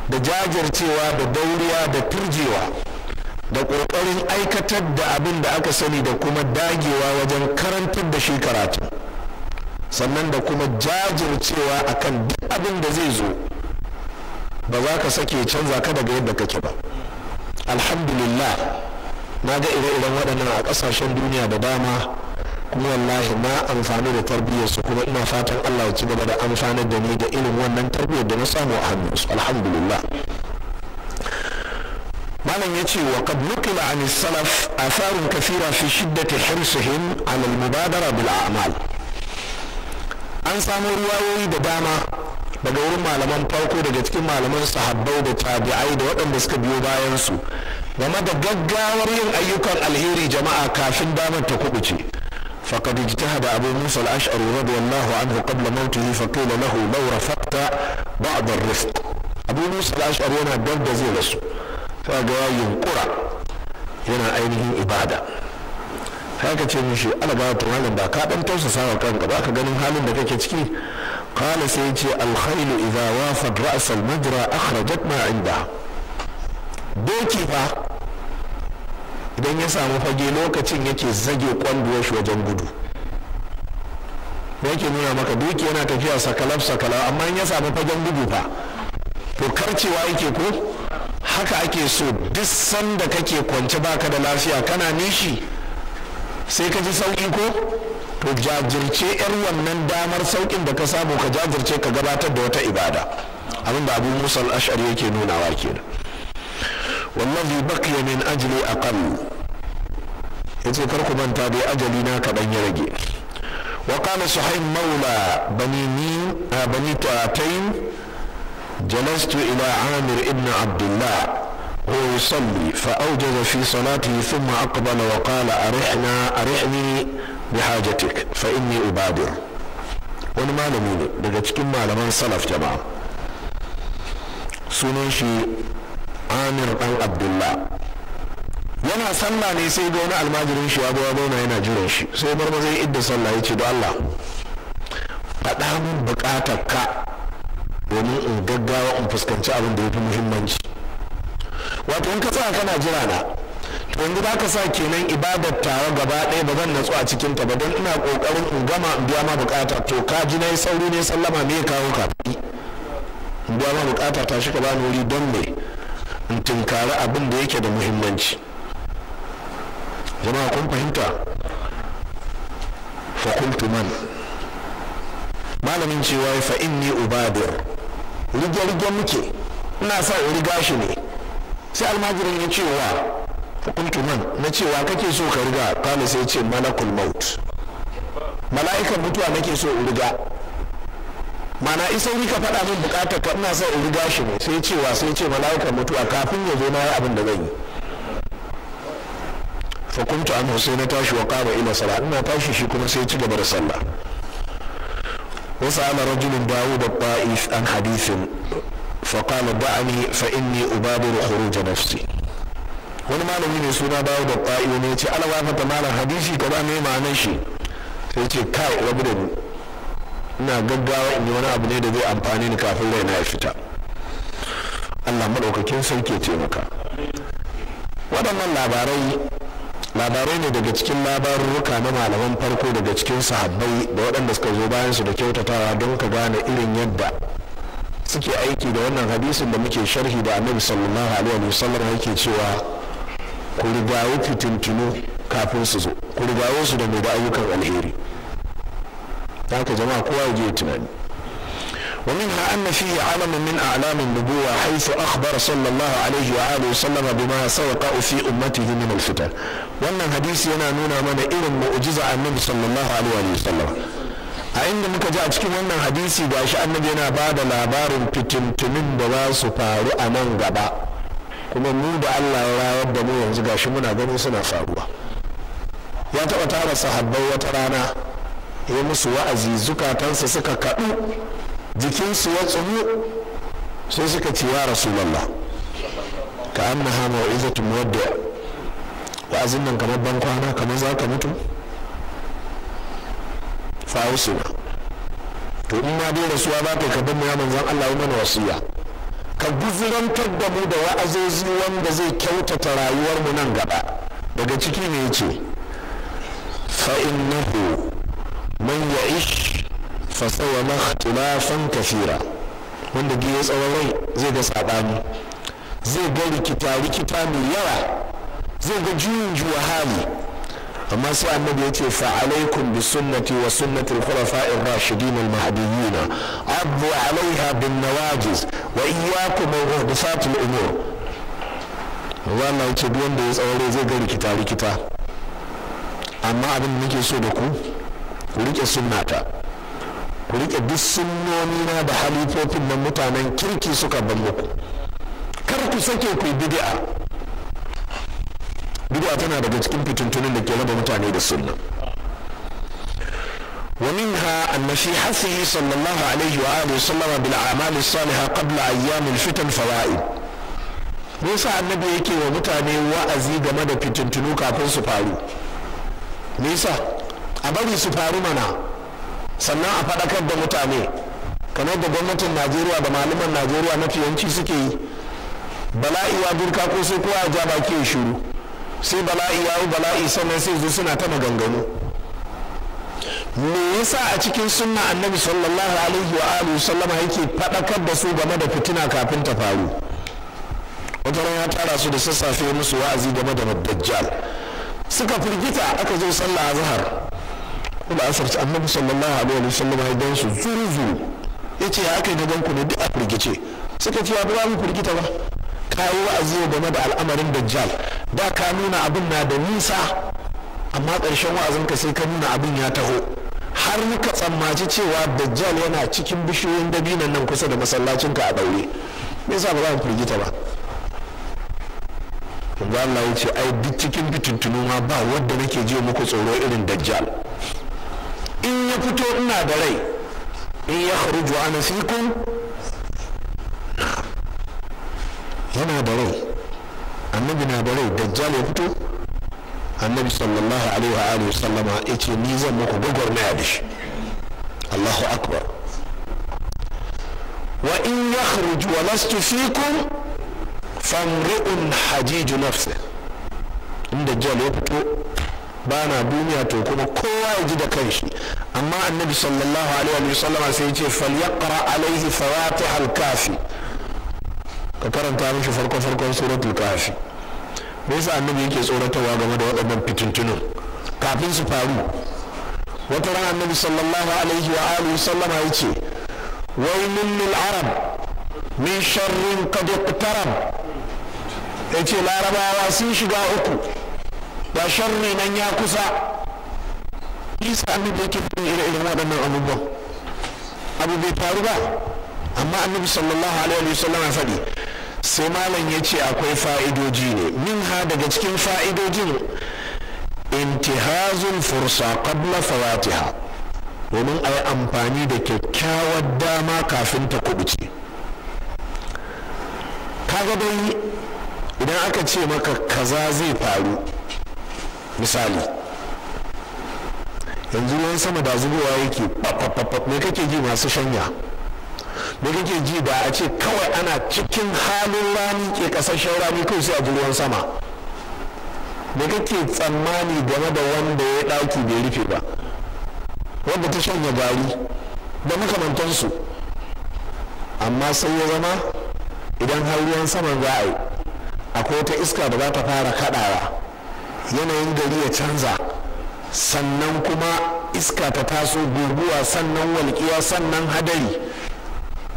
da jajircewa da dauriya da turjewa da ƙoƙarin aikatar da abin da aka sani da kuma dagewa wajen karantar da shi karatu sannan da kuma jajircewa akan duk abin da zai zo ba za ka sake canza ka daga yadda kake ba alhamdulillah na ga ire-iren waɗannan a ƙasashen duniya da dama ni wallahi na amfani da tarbiyyarsu su kuma ina fatan Allah ya ci gaba da amfanar da ni da irin wannan tarbiyyar da na samu a hannunsu alhamdulillah malam ya ce wa qad nuqila an salaf atharun kathira fi shiddati hirsihim ala al mubadara bil a'mal an samu ruwayoyi da dama daga wurin malaman farko daga cikin malaman sahabbai da tabi'ai da waɗanda suka biyo bayan su game da gaggawar yin ayyukan alheri jama'a kafin damar ta kubuce فقد اجتهد أبو موسى الأشعري رضي الله عنه قبل موته فقيل له لو رفقت بعض الرفق أبو موسى الأشعري أنا بلد زي رسو فقال ينقرأ هنا أينه إبادة haka ce mishi ala ba ta malam ba ka dan tausasa wa kanka ba ka ganin halin da kake ciki qala sai ce al khayl idha wafad ra's al majra akhrajat ma inda doki fa idan ya samu fage lokacin yake zage kwanduwar shi wajen gudu ne yake nuna maka duki yana tafiya sakalaf sakala amma in ya samu fagen gudu fa to karcewa yake ko haka ake so duk sanda kake kwance baka da lafiya kana nishi sai ka ji sauki ko to jajirce yar wannan damar saukin da ka samu ka jajirce ka gabatar da wata ibada abin da abu musa ashari yake nunawa kenan wallazi baqiya min ajli aqall ya ce kar ku manta dai ajali na kaɗan ya rage wa kana suhaim maula bani ni bani jalastu ila amir ibn abdullah هو يصلي فأوجز في صلاته ثم أقبل وقال أرحنا أرحني بحاجتك فإني أبادر wani malami ne daga cikin malaman salaf jama'a sunan shi amir dan abdullah yana sallah ne sai ga wani almajirin shi ya goya yana jiran shi sai bar zai idda sallah ya ce da Allah faɗa min buƙatar ka domin in gaggawa in fuskanci abin da ya fi muhimmanci wato in ka tsaya kana jira na to yanzu za ka sa kenan ibadar tawa gaba ɗaya ba zan natsu a cikin ta ba don ina ƙoƙarin in gama in biya ma buƙata to ka ji na yi sauri ne sallama me ya kawo ka in biya ma buƙata ta shi ka bani wuri don me in tunkari abin da yake da muhimmanci jama'a kun fahimta kuntu man malamin cewa fa inni ubadir rige rige muke ina sa in riga shi ne sai almajirin ya ce wa kuntu man na cewa kake so ka riga kana sai ce malakul maut mala'ikan mutuwa nake so in riga mana isa ka faɗa min bukatar ka ina sa in riga shi ne sai cewa sai ce mala'ikan mutuwa kafin ya zo na yi abin da zan yi fa an sai na tashi wa kama ila sala ina tashi shi kuma sai ci gaba da sallah Wasu وسأل رجل داود الطائف عن fa فقال دعني فإني أبادر خروج نفسي wani malami ne suna dawo da ƙwa'iyo ne ce ala wafata malam hadisi kaza ne ma'anar shi sai ce kai rabu da ni ina gaggawa in yi wani abu ne da zai amfani ni kafin rai na ya fita allah maɗaukakin sauke taimaka waɗannan labarai labarai ne daga cikin labarurruka na malaman farko daga cikin sahabbai da waɗanda suka zo bayan su da kyautatawa don ka gane irin yadda suke aiki da wannan hadisin da muke sharhi da annabi sallallahu alaihi wa sallam yake cewa ku rigawo fitintunu kafin su zo ku rigawo su da mai da ayyukan alheri haka jama'a kowa ya je tunani ومنها أن فيه علم من أعلام النبوة حيث أخبر صلى الله عليه وآله وسلم بما سيقع في أمته من الفتن wannan hadisi yana nuna mana irin mu'jiza annabi sallallahu alaihi sallam a inda muka ji a cikin wannan hadisi gashi annabi yana ba da labarin fitintunin da za su faru a nan gaba kuma mu da allah ya rawar da mu yanzu gashi muna ganin suna faruwa ya taɓa tara sahabbai wata rana ya musu wa'azi zukatansa suka kaɗu jikinsu ya tsumu sai suka ce ya rasulallah ka annaha mau'izatu muwaddi' wa'azin nan kamar ban kwana kamar za ka mutu fa'usu to in ma dai rasuwa ba kai ka bamu ya manzan Allah ya mana wasiya ka guzurantar da mu da wa'azozi wanda zai kyautata rayuwar mu nan gaba daga ciki ne yace fa innahu man ya'ish fa sawa ikhtilafan kathira wanda ya tsawon rai zai ga sabani zai ga rikita rikita mai yawa zai ga juyin juwa hali amma sai annabi ya ce fa alaikum bi sunnati wa sunnati al-khulafa'i ar-rashidin al-mahdiyyin abu 'alayha bin nawajiz wa iyyakum muhdathat al-umur wannan ce duk wanda ya tsaure zai ga rikita rikita amma abin da nake so da ku ku rike sunnata ku rike duk sunnoni na da halifofin nan mutanen kirki suka bar kar ku sake ku bid'a bid'a tana daga cikin fitintunin da ke raba mutane da sunna ومنها أن في حثه صلى الله عليه وآله وسلم بالأعمال الصالحة قبل أيام الفتن فوائد yasa annabi yake wa mutane wa'azi game da fitintunu kafin su faru nisa a bari su faru mana sannan a faɗakar da mutane kamar da gwamnatin najeriya da malaman najeriya mafi yanci suke yi bala'i wa durka ko sai kowa ya ja baki ya shuru sai bala'i ya yi bala'i sannan sai zo suna ta maganganu me yasa a cikin sunna annabi sallallahu alaihi wa alihi sallama yake faɗakar da su game da fitina kafin ta faru wata ya tara su da sassafe musu wa'azi game da dajjal suka firgita aka zo sallah azhar kuma asarci annabi sallallahu alaihi wa sallama ya dan su zuru zuru yace ya aka yi na ku ne duk a firgice suka ce ba mu firgita ba kayi wa'azi game da al'amarin dajjal da ka nuna abin na da nisa amma ƙarshen wa'azinka sai ka nuna abin ya taho har ka tsammaci cewa dajjal yana cikin bishiyoyin dabinan nan kusa da masallacinka a daure me yasa ba za mu firgita ba ga Allah ya ce ai duk cikin fitintunu ma ba wanda nake ji muku tsoro irin dajjal in ya fito ina da rai in ya kharuju ana sikun yana da rai النبي نابري دجال يبتو النبي صلى الله عليه وآله وسلم إتي نيزا موكو بغور الله أكبر وإن يخرج ولست فيكم فامرئ حجيج نفسه إن دجال يبتو بانا بوميا توكونا كوا يجد كنشي أما النبي صلى الله عليه وسلم سيتي فليقرأ عليه فواتح الكافي ka karanta mishi farko farkon suratul kafi me yasa annabi yake tsoratarwa game da waɗannan fitintunun kafin su faru wata ran annabi sallallahu alaihi wa alihi sallama yace wailun lil arab min sharrin qad iqtarab yace larabawa sun shiga uku da sharri nan ya kusa isa annabi yake fitin ire-iren waɗannan abubuwan abu bai faru ba amma annabi sallallahu alaihi wa sallama faɗi sai malam ya ce akwai fa'idoji ne min ha daga cikin fa'idojin intihazun fursa qabla fawatiha domin a yi amfani da kyakkyawar dama kafin ta kubuce kaga dai idan aka ce maka kaza zai faru misali yanzu ruwan sama da zubowa yake me kake ji masu shanya da kake ji da a ce kawai ana cikin halin rani ke kasashen rani kawai sai a ji ruwan sama da kake tsammani game da wanda ya ɗaki bai rufe ba wanda ta shanya gari da makamantansu amma sai ya zama idan har ruwan saman za a yi akwai wata iska da za ta fara kaɗawa yanayin gari ya canza sannan kuma iska ta taso guguwa sannan walƙiya sannan hadari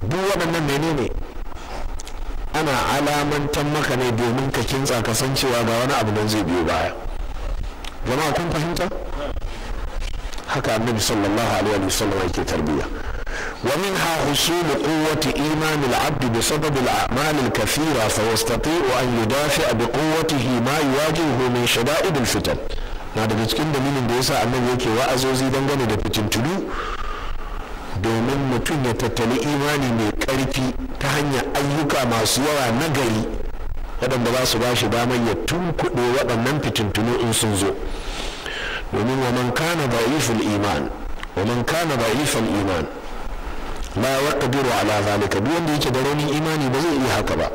duk waɗannan menene ana alamantar maka ne domin ka kintsa kasancewa ga wani abu nan zai biyo baya jama'a kun fahimta haka annabi sallallahu alaihi wa sallam yake tarbiyya sabab al a'mal al kathira fa yastati'u an yudafi'a bi quwwatihi ma yuwajihu min shada'id al fitan na daga cikin dalilin da yasa annabi yake wa'azozi dangane da fitintudu domin mutum ya tattali imani mai karfi ta hanyar ayyuka masu yawa na gari waɗanda za su ba shi damar ya tunkuɗe waɗannan fitintunu in sun zo domin wa man kana da'iful iman wa man kana da'iful iman la yaqdiru ala zalika duk wanda yake da raunin imani ba zai iya haka ba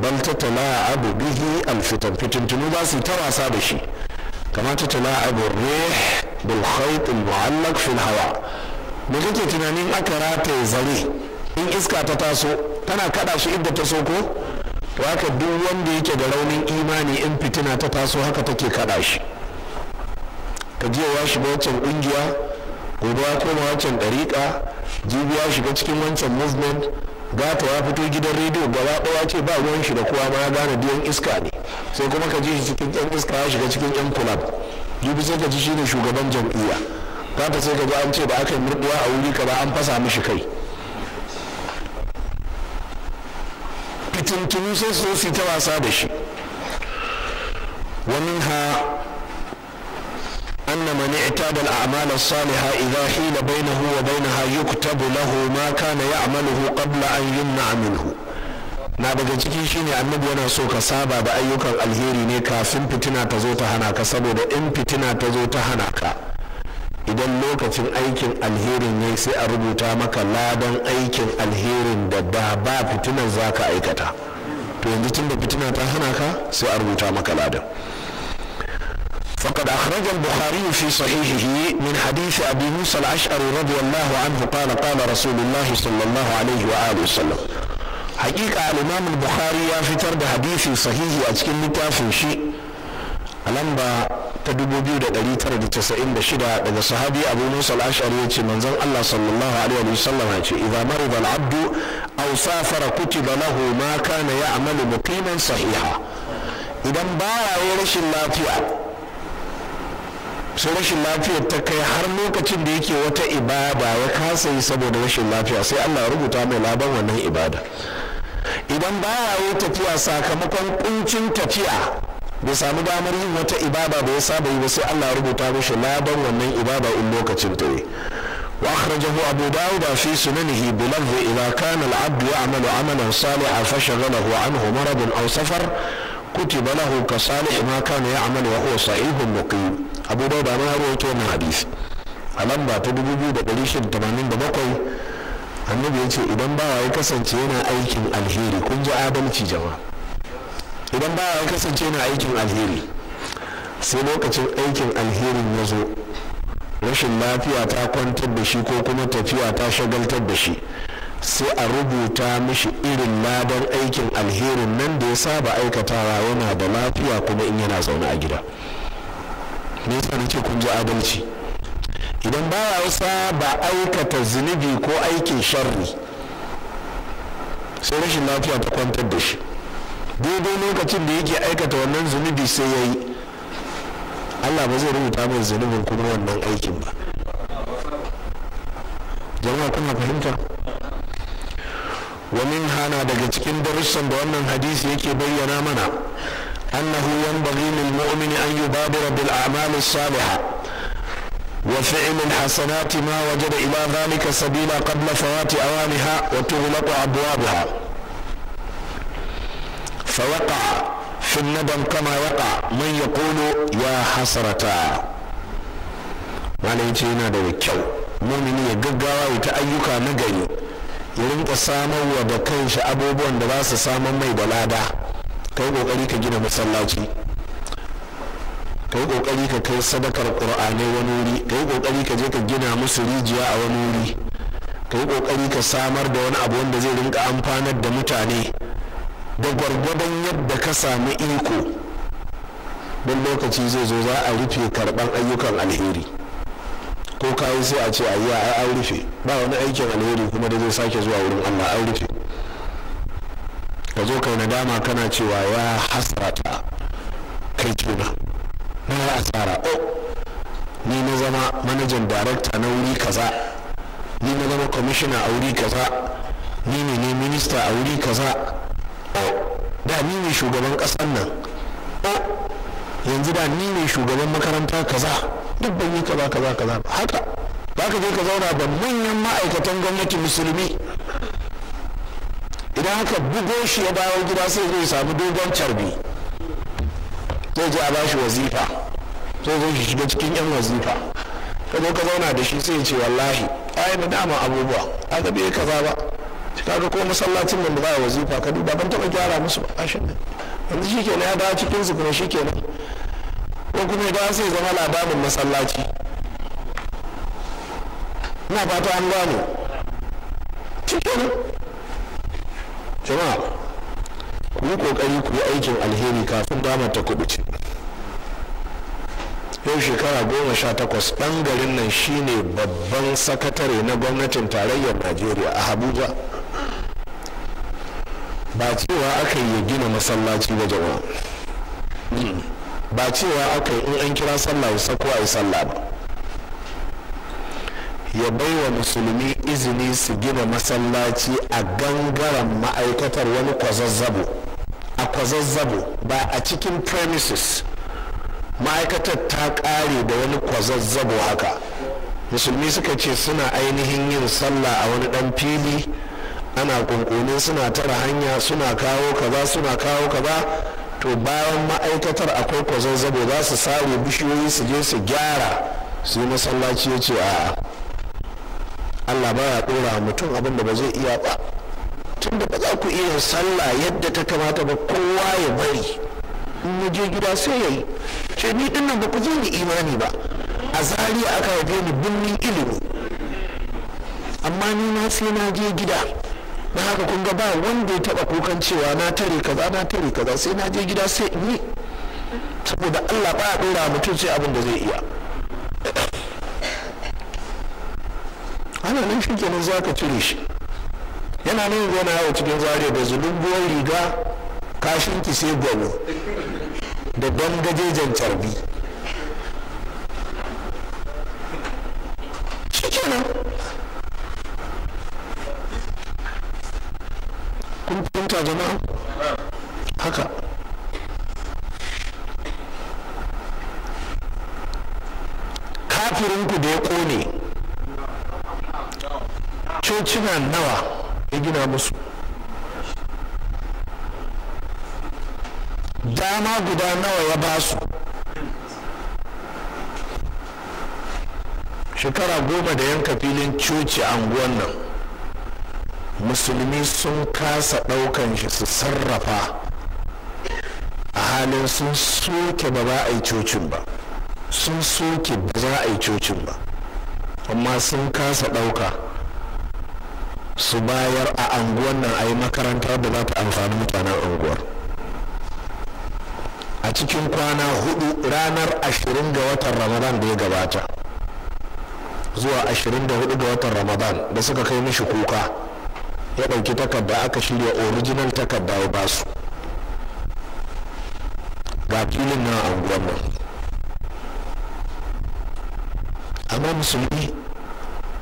bal tatala'abu bihi alfitan fitintunu za su ta wasa da shi kama tatala'abu rih bil khayt al mu'allaq fil hawa da kake tunanin aka rataye zare in iska ta taso tana kada shi inda ta so ko to haka duk wanda yake da raunin imani in fitina ta taso haka take kada shi ka je ya shiga wancan kungiya gobe ya koma wancan dariƙa jibi ya shiga cikin wancan movement gata ya fito gidan rediyo gaba ɗaya ce ba ruwan shi da kowa ma ya gane biyan iska ne sai kuma ka ji shi cikin yan iska ya shiga cikin yan kulab jibi sai ka ji shi ne shugaban jam'iyya zata sai ka an ce ba aka yi murduwa a wuri ka ba an fasa mishi kai fitintunu sai su su ta wasa da shi wani ha أن من اعتاد الأعمال الصالحة na حيل بينه وبينها يكتب له ما كان يعمله قبل أن يمنع منه na daga ciki shine annabi yana so ka saba da ayyukan alheri ne kafin fitina ta zo ta hana ka saboda in fitina ta zo ta hana ka idan lokacin aikin alherin ne sai a rubuta maka ladan aikin alherin da da ba fitinar za ka aikata to yanzu tun da fitina ta hana ka sai a rubuta maka ladan فقد أخرج البخاري في صحيحه من حديث أبي موسى الأشعري رضي الله عنه قال قال رسول الله صلى الله عليه وآله وسلم حقيقة الإمام البخاري يفتر بحديث صحيح أتكلم تافنشي a lamba ta 2996 daga sahabi abu musa al ya ce manzon allah sallallahu alaihi wa sallam ya ce idza marida al-abdu kuti lahu ma kana ya'malu muqiman sahiha idan ba ya rashin lafiya sai rashin lafiyar ta kai har lokacin da yake wata ibada ya kasa yi saboda rashin lafiya sai allah rubuta mai laban wannan ibada idan ba ya tafiya sakamakon kuncin tafiya bai samu damar yin wata ibada da ya saba yi ba sai Allah rubuta mishi ladan wannan ibada in lokacin ta ne wa akhrajahu abu dawud fi sunanihi bi lafzi idza kana al-abdu ya'malu amalan salihan shaghalahu anhu maradun aw safar kutiba lahu ka salih ma kana ya'malu wa huwa sahihun muqim abu dawud ma ya rawaito wannan hadisi a lamba ta 2687 annabi ya ce idan bawa ya kasance yana aikin alheri kun ji adalci jama'a idan ba ya kasance na aikin alheri sai lokacin aikin alherin ya zo rashin lafiya ta kwantar da shi ko kuma tafiya ta shagaltar da shi sai a rubuta mishi irin ladan aikin alherin nan da ya saba aikatawa yana da lafiya kuma in yana zaune a gida me yasa nake kun ji adalci idan baya ba aikata zunubi ko aikin sharri sai rashin lafiya ta kwantar da shi daidai lokacin da yake aikata wannan zunubi sai ya yi allah ba zai rubuta mai zunubin kuma wannan aikin ba jama'a kuna fahimta wani hana daga cikin darussan da wannan hadisi yake bayyana mana annahu yanbaghi lil mu'mini an yubadira bil a'mal as-salihah وفعل الحسنات ما وجد إلى ذلك سبيلا قبل فوات أوانها وتغلق أبوابها فوقع في الندم كما وقع من يقول يا حسرة malai ce yana da kyau mumini ya gaggawa ya ta ayyuka na gari ya rinka samarwa da kanshi abubuwan da za su samar mai da lada ka ka gina masallaci ka yi ka kai sadakar ƙur'anai wani wuri ka yi ka je ka gina musu rijiya a wani wuri ka yi ka samar da wani abu wanda zai rinka amfanar da mutane da gwargwadon yadda ka sami iko don lokaci zai zo za a rufe karɓar ayyukan alheri ko kayan sai a ce a yi a an rufe ba wani aikin alheri kuma da zai sake zuwa wurin allah an rufe ka zo kai nadama kana cewa ya hasrata kai tuna na ya asara o oh, ni na zama manajan darakta na wuri kaza ni na zama kwamishina a wuri kaza ni ne ne minista a wuri kaza da ni ne shugaban ƙasar nan yanzu da ni ne shugaban makaranta kaza duk ban yi kaza kaza kaza haka ba ka je ka zauna da manyan ma'aikatan gwamnati musulmi idan haka bugo shi ya dawo gida sai zai samu dogon carbi zai je a bashi wazifa zai shi shiga cikin yan wazifa ka zo ka zauna da shi sai ya ce wallahi ayi na dama abubuwa aka bai kaza ba kaga ko masallacin nan da ba wazifa ka duba ban taba gyara musu ba shi yanzu shikenan ya dawo cikin su kuma shikenan ko kuma ya dawo sai zama labarin masallaci ina fata an gano shikenan jama'a ku yi kokari ku yi aikin alheri kafin damar ta kubuce yau shekara goma sha takwas ɓangaren nan shine babban sakatare na gwamnatin tarayyar najeriya a abuja ba cewa aka yi gina masallaci ba jama'a ba cewa aka yi in an kira sallah wasa ko ayi sallah ba ya bai wa musulmi izini su gina masallaci a gangaren ma'aikatar wani kwazazzabo a kwazazzabo ba a cikin premises ma'aikatar ta ƙare da wani kwazazzabo haka musulmi suka ce suna ainihin yin sallah a wani ɗan fili ana kunkuni suna tara hanya suna kawo kaza suna kawo kaza to bayan ma'aikatar akwai kwazazzabo za su sare bishiyoyi su je su gyara su yi masallaci ya ce a allah ba ya ɗora mutum abin da ba zai iya ba tun da ba za ku iya sallah yadda ta kamata ba kowa ya bari in na je gida sai ya yi ce ni nan ba ku zai imani ba a zari aka haife ni birnin ilimi amma ni na sai na je gida don haka kun ga ba wanda ya taba kukan cewa na tare kaza na tare kaza sai na je gida sai in saboda allah ba a dora mutum sai abin da zai iya ana nan shi kenan za ka cire shi yana nan yana yawo cikin zare da zulubuwar riga kashin ki sai gwalo da don gajejen carbi shi kenan kun jama'a haka kafirinku da ya kone cocina nawa ya gina musu dama guda nawa ya ba su shekara goma da yanka filin coci a unguwan nan musulmi sun kasa ɗaukan shi su sarrafa a halin sun soke ba za a yi cocin ba sun soke ba za a yi cocin ba amma sun kasa ɗauka su bayar a anguwan nan a yi makarantar da za ta amfani mutanen anguwar a cikin kwana hudu ranar ashirin ga watan ramadan da ya gabata zuwa ashirin da hudu ga watan ramadan da suka kai mishi kuka ya ɗauki takarda aka shirya original takarda ya ba su ga filin na anguwan nan amma musulmi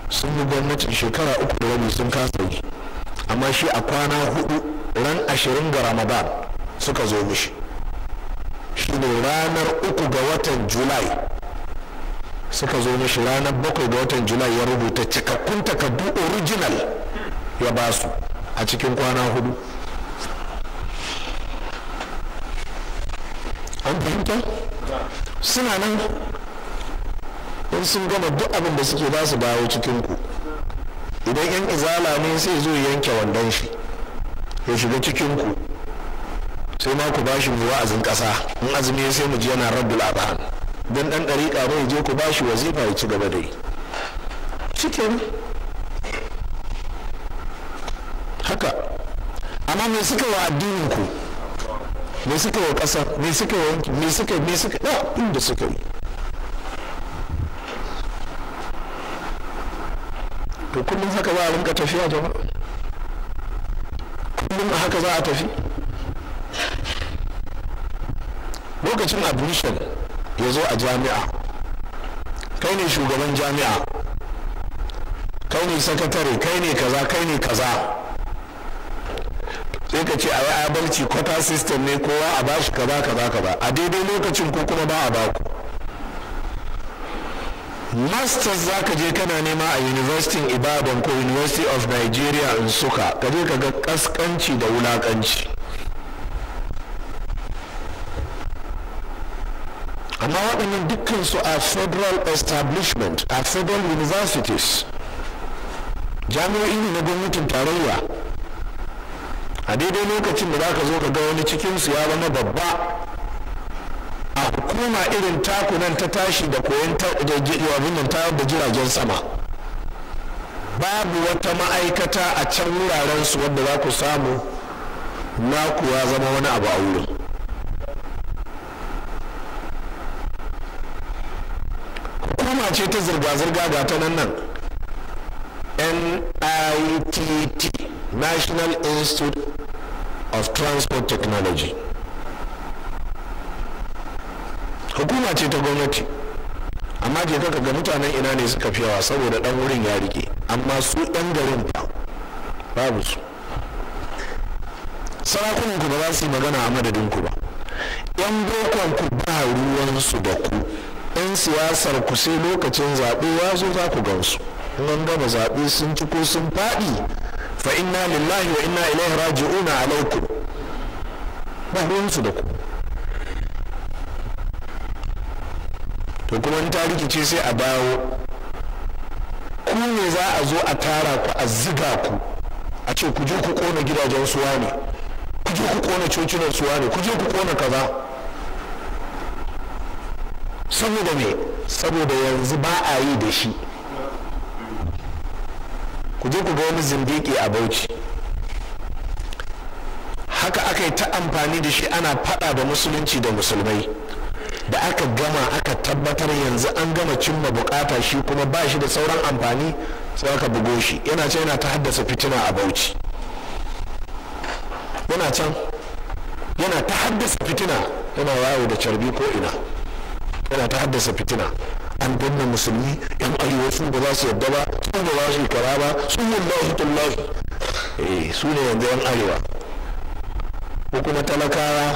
sun yi gwamnatin shekara uku da wani sun kasa yi amma shi a kwana hudu ran ashirin ga ramadan suka zo mishi shi ne ranar uku ga watan julai suka zo mishi ranar bakwai ga watan julai ya rubuta cikakkun takardu original ya ba su a cikin kwana hudu an fahimta suna nan in sun gama duk abin da suke za su dawo cikinku idan yan izala ne sai zo yanke wandon shi ya shiga cikinku sai ma ku bashi mu wa'azin ƙasa in azumi sai mu ji yana rabbul adhan dan dan dariƙa ne je ku bashi wazifa ya ci gaba da cikin haka amma me suka wa addinin ku me suka wa ƙasa me suka wa me suka me suka da inda suka yi to kullum haka za a rinka tafiya jama'a kullum haka za a tafi lokacin admission ya zo a jami'a kai ne shugaban jami'a kai ne sakatare kai ne kaza kai ne kaza sai ka ce a yi adalci kwata system ne kowa a bashi kaza kaza kaza a daidai lokacin ko kuma ba a baku masters za ka je kana nema a university ibadan ko university of nigeria in suka ka je ka ga kaskanci da wulakanci amma waɗannan dukkan su a federal establishment a federal universities jami'o'i ne na gwamnatin tarayya a daidai lokacin da za ka zo ka ga wani cikinsu ya zama babba a hukuma irin takunan ta tashi da koyon abin ta da jiragen sama babu wata ma'aikata a can wuraren su wadda za ku samu naku ya zama wani abu a wurin hukuma ce ta zirga-zirga ga ta nan nan NITT National Institute of transport technology hukuma ce ta gwamnati amma je kaka ga mutanen ina ne suka fi yawa saboda dan wurin ya rike amma su yan garin ba babu su sarakunan ku ba za su yi magana a madadin ku ba yan bokon ku ba ruwan su da ku yan siyasar ku sai lokacin zaɓe ya zo za ku gansu nan gama zaɓe sun ci ko sun faɗi fa inna lillahi wa inna ilaihi raji'una alaikum ba su da ku to kuma in ta rikice sai a dawo ku ne za a zo a tara ku a ziga ku a ce ku je ku kona gidajen suwa ne ku je ku kona cocinan suwa ne ku je ku kona kaza saboda me saboda yanzu ba a yi da shi ku je ku ga wani zindiki a bauchi haka aka yi ta amfani da shi ana faɗa da musulunci da musulmai da aka gama aka tabbatar yanzu an gama cimma bukata shi kuma ba shi da sauran amfani sai aka bugo shi yana can yana ta haddasa fitina a bauchi yana can yana ta haddasa fitina yana wayo da carbi ko ina yana ta haddasa fitina an danna musulmi yan arewa su ba za su yadda ba su ba za su yi kara ba su wallahi tallahi eh su ne yanzu yan arewa ko kuma talakawa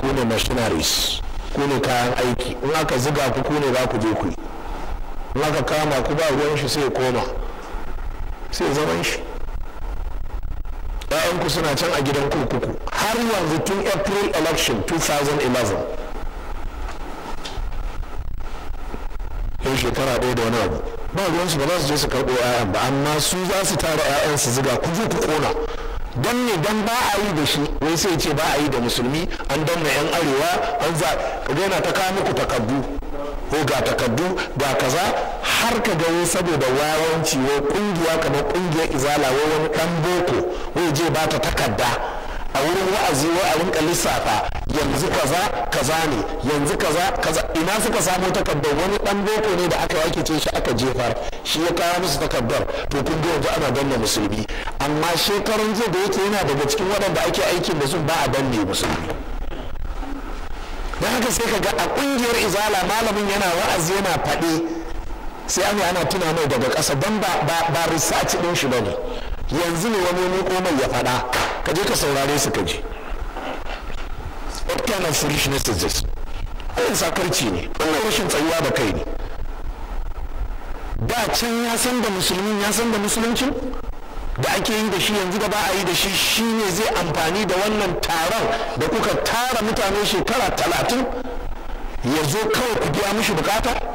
ko ne machinaries ko ne kayan aiki in aka ziga ku ko ne za ku je ku yi in aka kama ku ba ruwan shi sai koma sai zaman shi ya'yanku suna can a gidan kurkuku har yanzu tun april election 2011 yau shekara ɗaya da wani abu ba ruwansu ba za su je su karɓo 'ya'yan ba amma su za su tara 'ya'yan su ziga ku zo ku ƙona. don ne don ba a yi da shi wai sai ce ba a yi da musulmi an don na 'yan arewa an za ka yana ta kawo muku takardu ko ga takardu ga kaza har ka ga wai saboda wawanci wai kungiya kamar kungiyar izala wai wani ɗan boko wai je ba ta takarda a wurin wa'azi wai a rinka lissafa yanzu kaza kaza ne yanzu kaza kaza ina suka samu takardar wani dan boko ne da aka wake ce shi aka jefar shi ya kawo musu takardar to kun ga yanzu ana danna musulmi amma shekarun jiya da yake yana daga cikin waɗanda ake aikin da su ba a danne musulmi don haka sai ka ga a ƙungiyar izala malamin yana wa'azi yana faɗe sai ana ana tuna mai daga ƙasa don ba research ɗin shi ba ne yanzu ne wani wani komai ya faɗa ka je ka saurare su ka ji what kind of foolishness is this ayin sakarci ne wannan rashin tsayuwa da kai ne da can ya san da musulmin ya san da musuluncin da ake yi da shi yanzu da ba a yi da shi shi ne zai amfani da wannan taron da kuka tara mutane shekara talatin ya zo kawai ku biya mishi bukata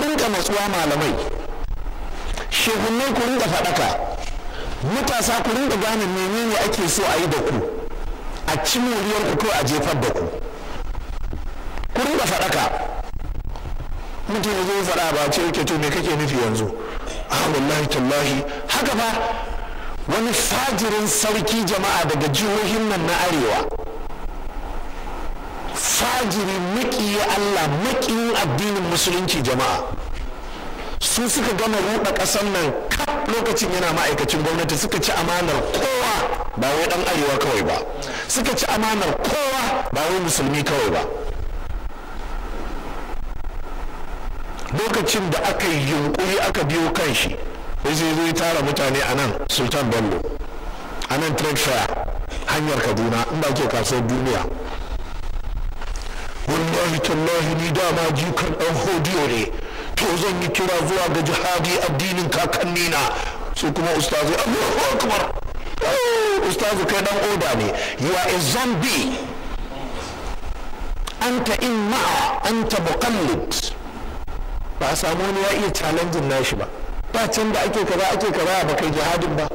ku ka matsuwa malamai shehunai ku rinka faɗaka matasa kurin da gane menene ake so a yi da ku a ci muriyar ku ko a jefar da ku kurin rinka faɗaka mutum ya zo faɗa ba ce yake to me kake nufi yanzu ah wallahi tallahi haka ba wani fajirin sarki jama'a daga jihohin nan na arewa fajiri maƙiyi Allah maƙiyin addinin musulunci jama'a su suka gama ruɗa ƙasar nan lokacin yana ma'aikacin gwamnati suka ci amanar kowa ba wai ɗan arewa kawai ba suka ci amanar kowa ba wai musulmi kawai ba lokacin da aka yi yunƙuri aka biyo kan shi Zai zo ya tara mutane a nan sultan bello a nan trade fair hanyar kaduna in da ake kasuwar duniya wallahi tallahi ni dama jikan dan hodiyo ne to zan yi kira zuwa ga jihadi addinin kakanni na su kuma ustazu Allahu akbar eh, ustazu kai dan oda ne you are a zombie anta in ma'a anta muqallid ba a samu wani ya iya challenging nashi ba ba can da ake kaza ake kaza ba kai jihadin ba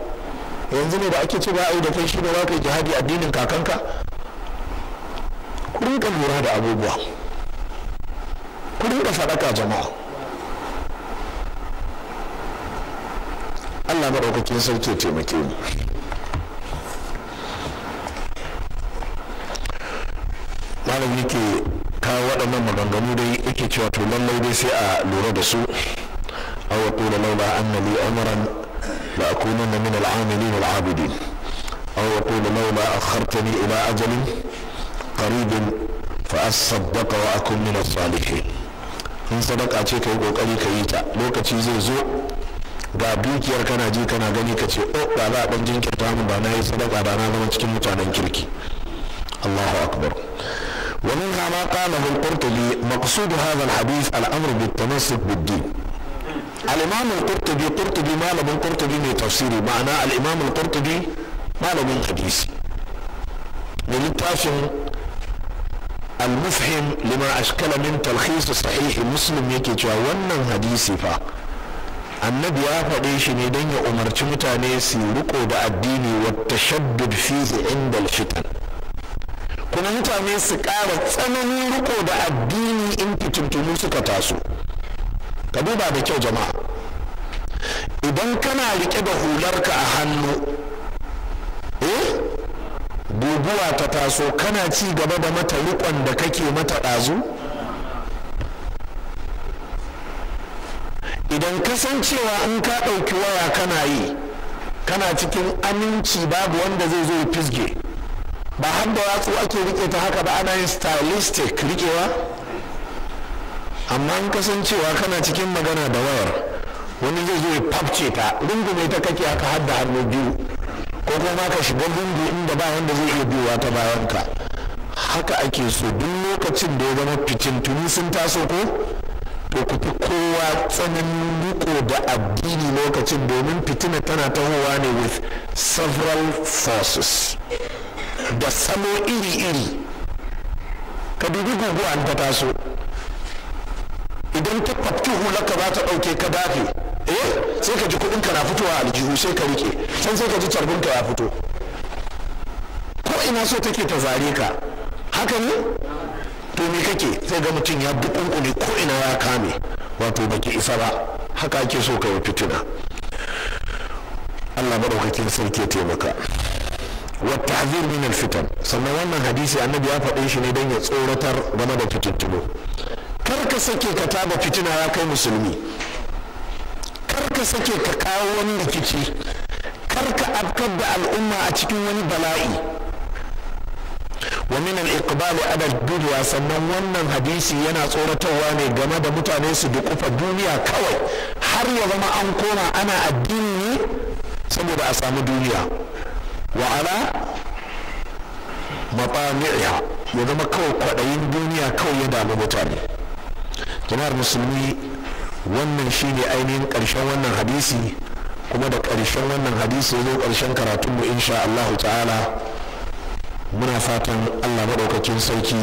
yanzu ne da ake ce ba a yi da kai ne ba kai jihadi addinin kakanka ku rinka lura da abubuwa ku rinka faɗaka jama'a allah maɗaukakin sarki ya taimake mu malam yake kawo waɗannan maganganu dai yake cewa to lallai dai sai a lura da su aw yaqulu laula anna li amran la akunanna min al-amilin al-abidin aw yaqulu laula akhartani ila ajalin a قريب فأصدق وأكون من الصالحين إن صدق أشيك وقالي كيتا لو كتشيزي زو ga dukiyar kana je kana gani ka ce o oh, ba za a ɗan jinkirta mu ba na yi sadaka da na zama cikin mutanen kirki Allahu akbar wannan ga ma qala al qurtubi maqsud hadha al hadith al amr bil tamassuk bid din al imam al mai tafsiri ma'ana al imam malamin hadisi ne littafin Almufhim mufhim lima ashkala min talhis sahih muslim yake cewa wannan hadisi fa annabi ya faɗe shi ne don ya umarci mutane su riko da addini wa tashaddud fihi inda fitan kuma mutane su ƙara tsananin riko da addini in fitintunu suka taso ka duba da kyau jama'a idan kana rike da hularka a hannu guguwa ta taso kana ci gaba da mata riƙon da kake mata ɗazu idan kasancewa in ka ɗauki waya kana yi kana cikin aminci babu wanda zai zo fisge ba har da yatsu ake rike ta haka ba ana yin stylistic rikewa amma in kasancewa kana cikin magana da wayar wani zai zo ya fafce ta rungume ta kake haka har hannu biyu ko kuma ka shiga gungu inda ba wanda zai iya biyowa ta bayan ka haka ake so duk lokacin da ya zama fitintuni sun taso ko to ku fi kowa tsananin riko da addini lokacin domin fitina tana tahowa ne with several forces da samo iri-iri ka dubi guguwa ta taso idan ta fafi hulaka za ta ɗauke ka dafe eh sai ka ji kuɗin ka na fitowa aljihu sai ka rike can sai ka ji carbin ya fito ko ina so take ta zare ka haka ne to me kake sai ga mutum ya bi ne ko ina ya kame wato baki isa ba haka ake so ka yi fitina Allah madaukakin sarki ya taimaka والتعذير من الفتن sannan wannan hadisi annabi ya faɗe shi ne don ya tsoratar game da fitintunu kar ka sake ka taba fitina ya kai musulmi kar ka sake ka kawo wani rikici kar ka afkar da al'umma a cikin wani bala'i wa minan al-iqbal ala dunya sannan wannan hadisi yana tsoratarwa ne game da mutane su dukufa duniya kawai har ya zama an koma ana addini saboda a samu duniya wa ala matami'iha ya zama kawai kwaɗayin duniya kawai ya damu mutane jama'ar musulmi wannan shine ainihin ƙarshen wannan hadisi kuma da ƙarshen wannan hadisi ya zo ƙarshen karatunmu insha Allah ta'ala muna fatan Allah maɗaukacin sarki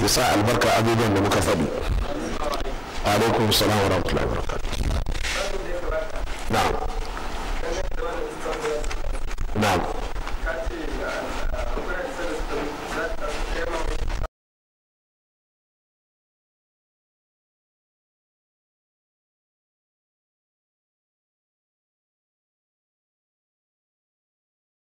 ya sa albarka abubuwan da muka faɗi alaikum salam wa rahmatullahi wa barakatuh na'am na'am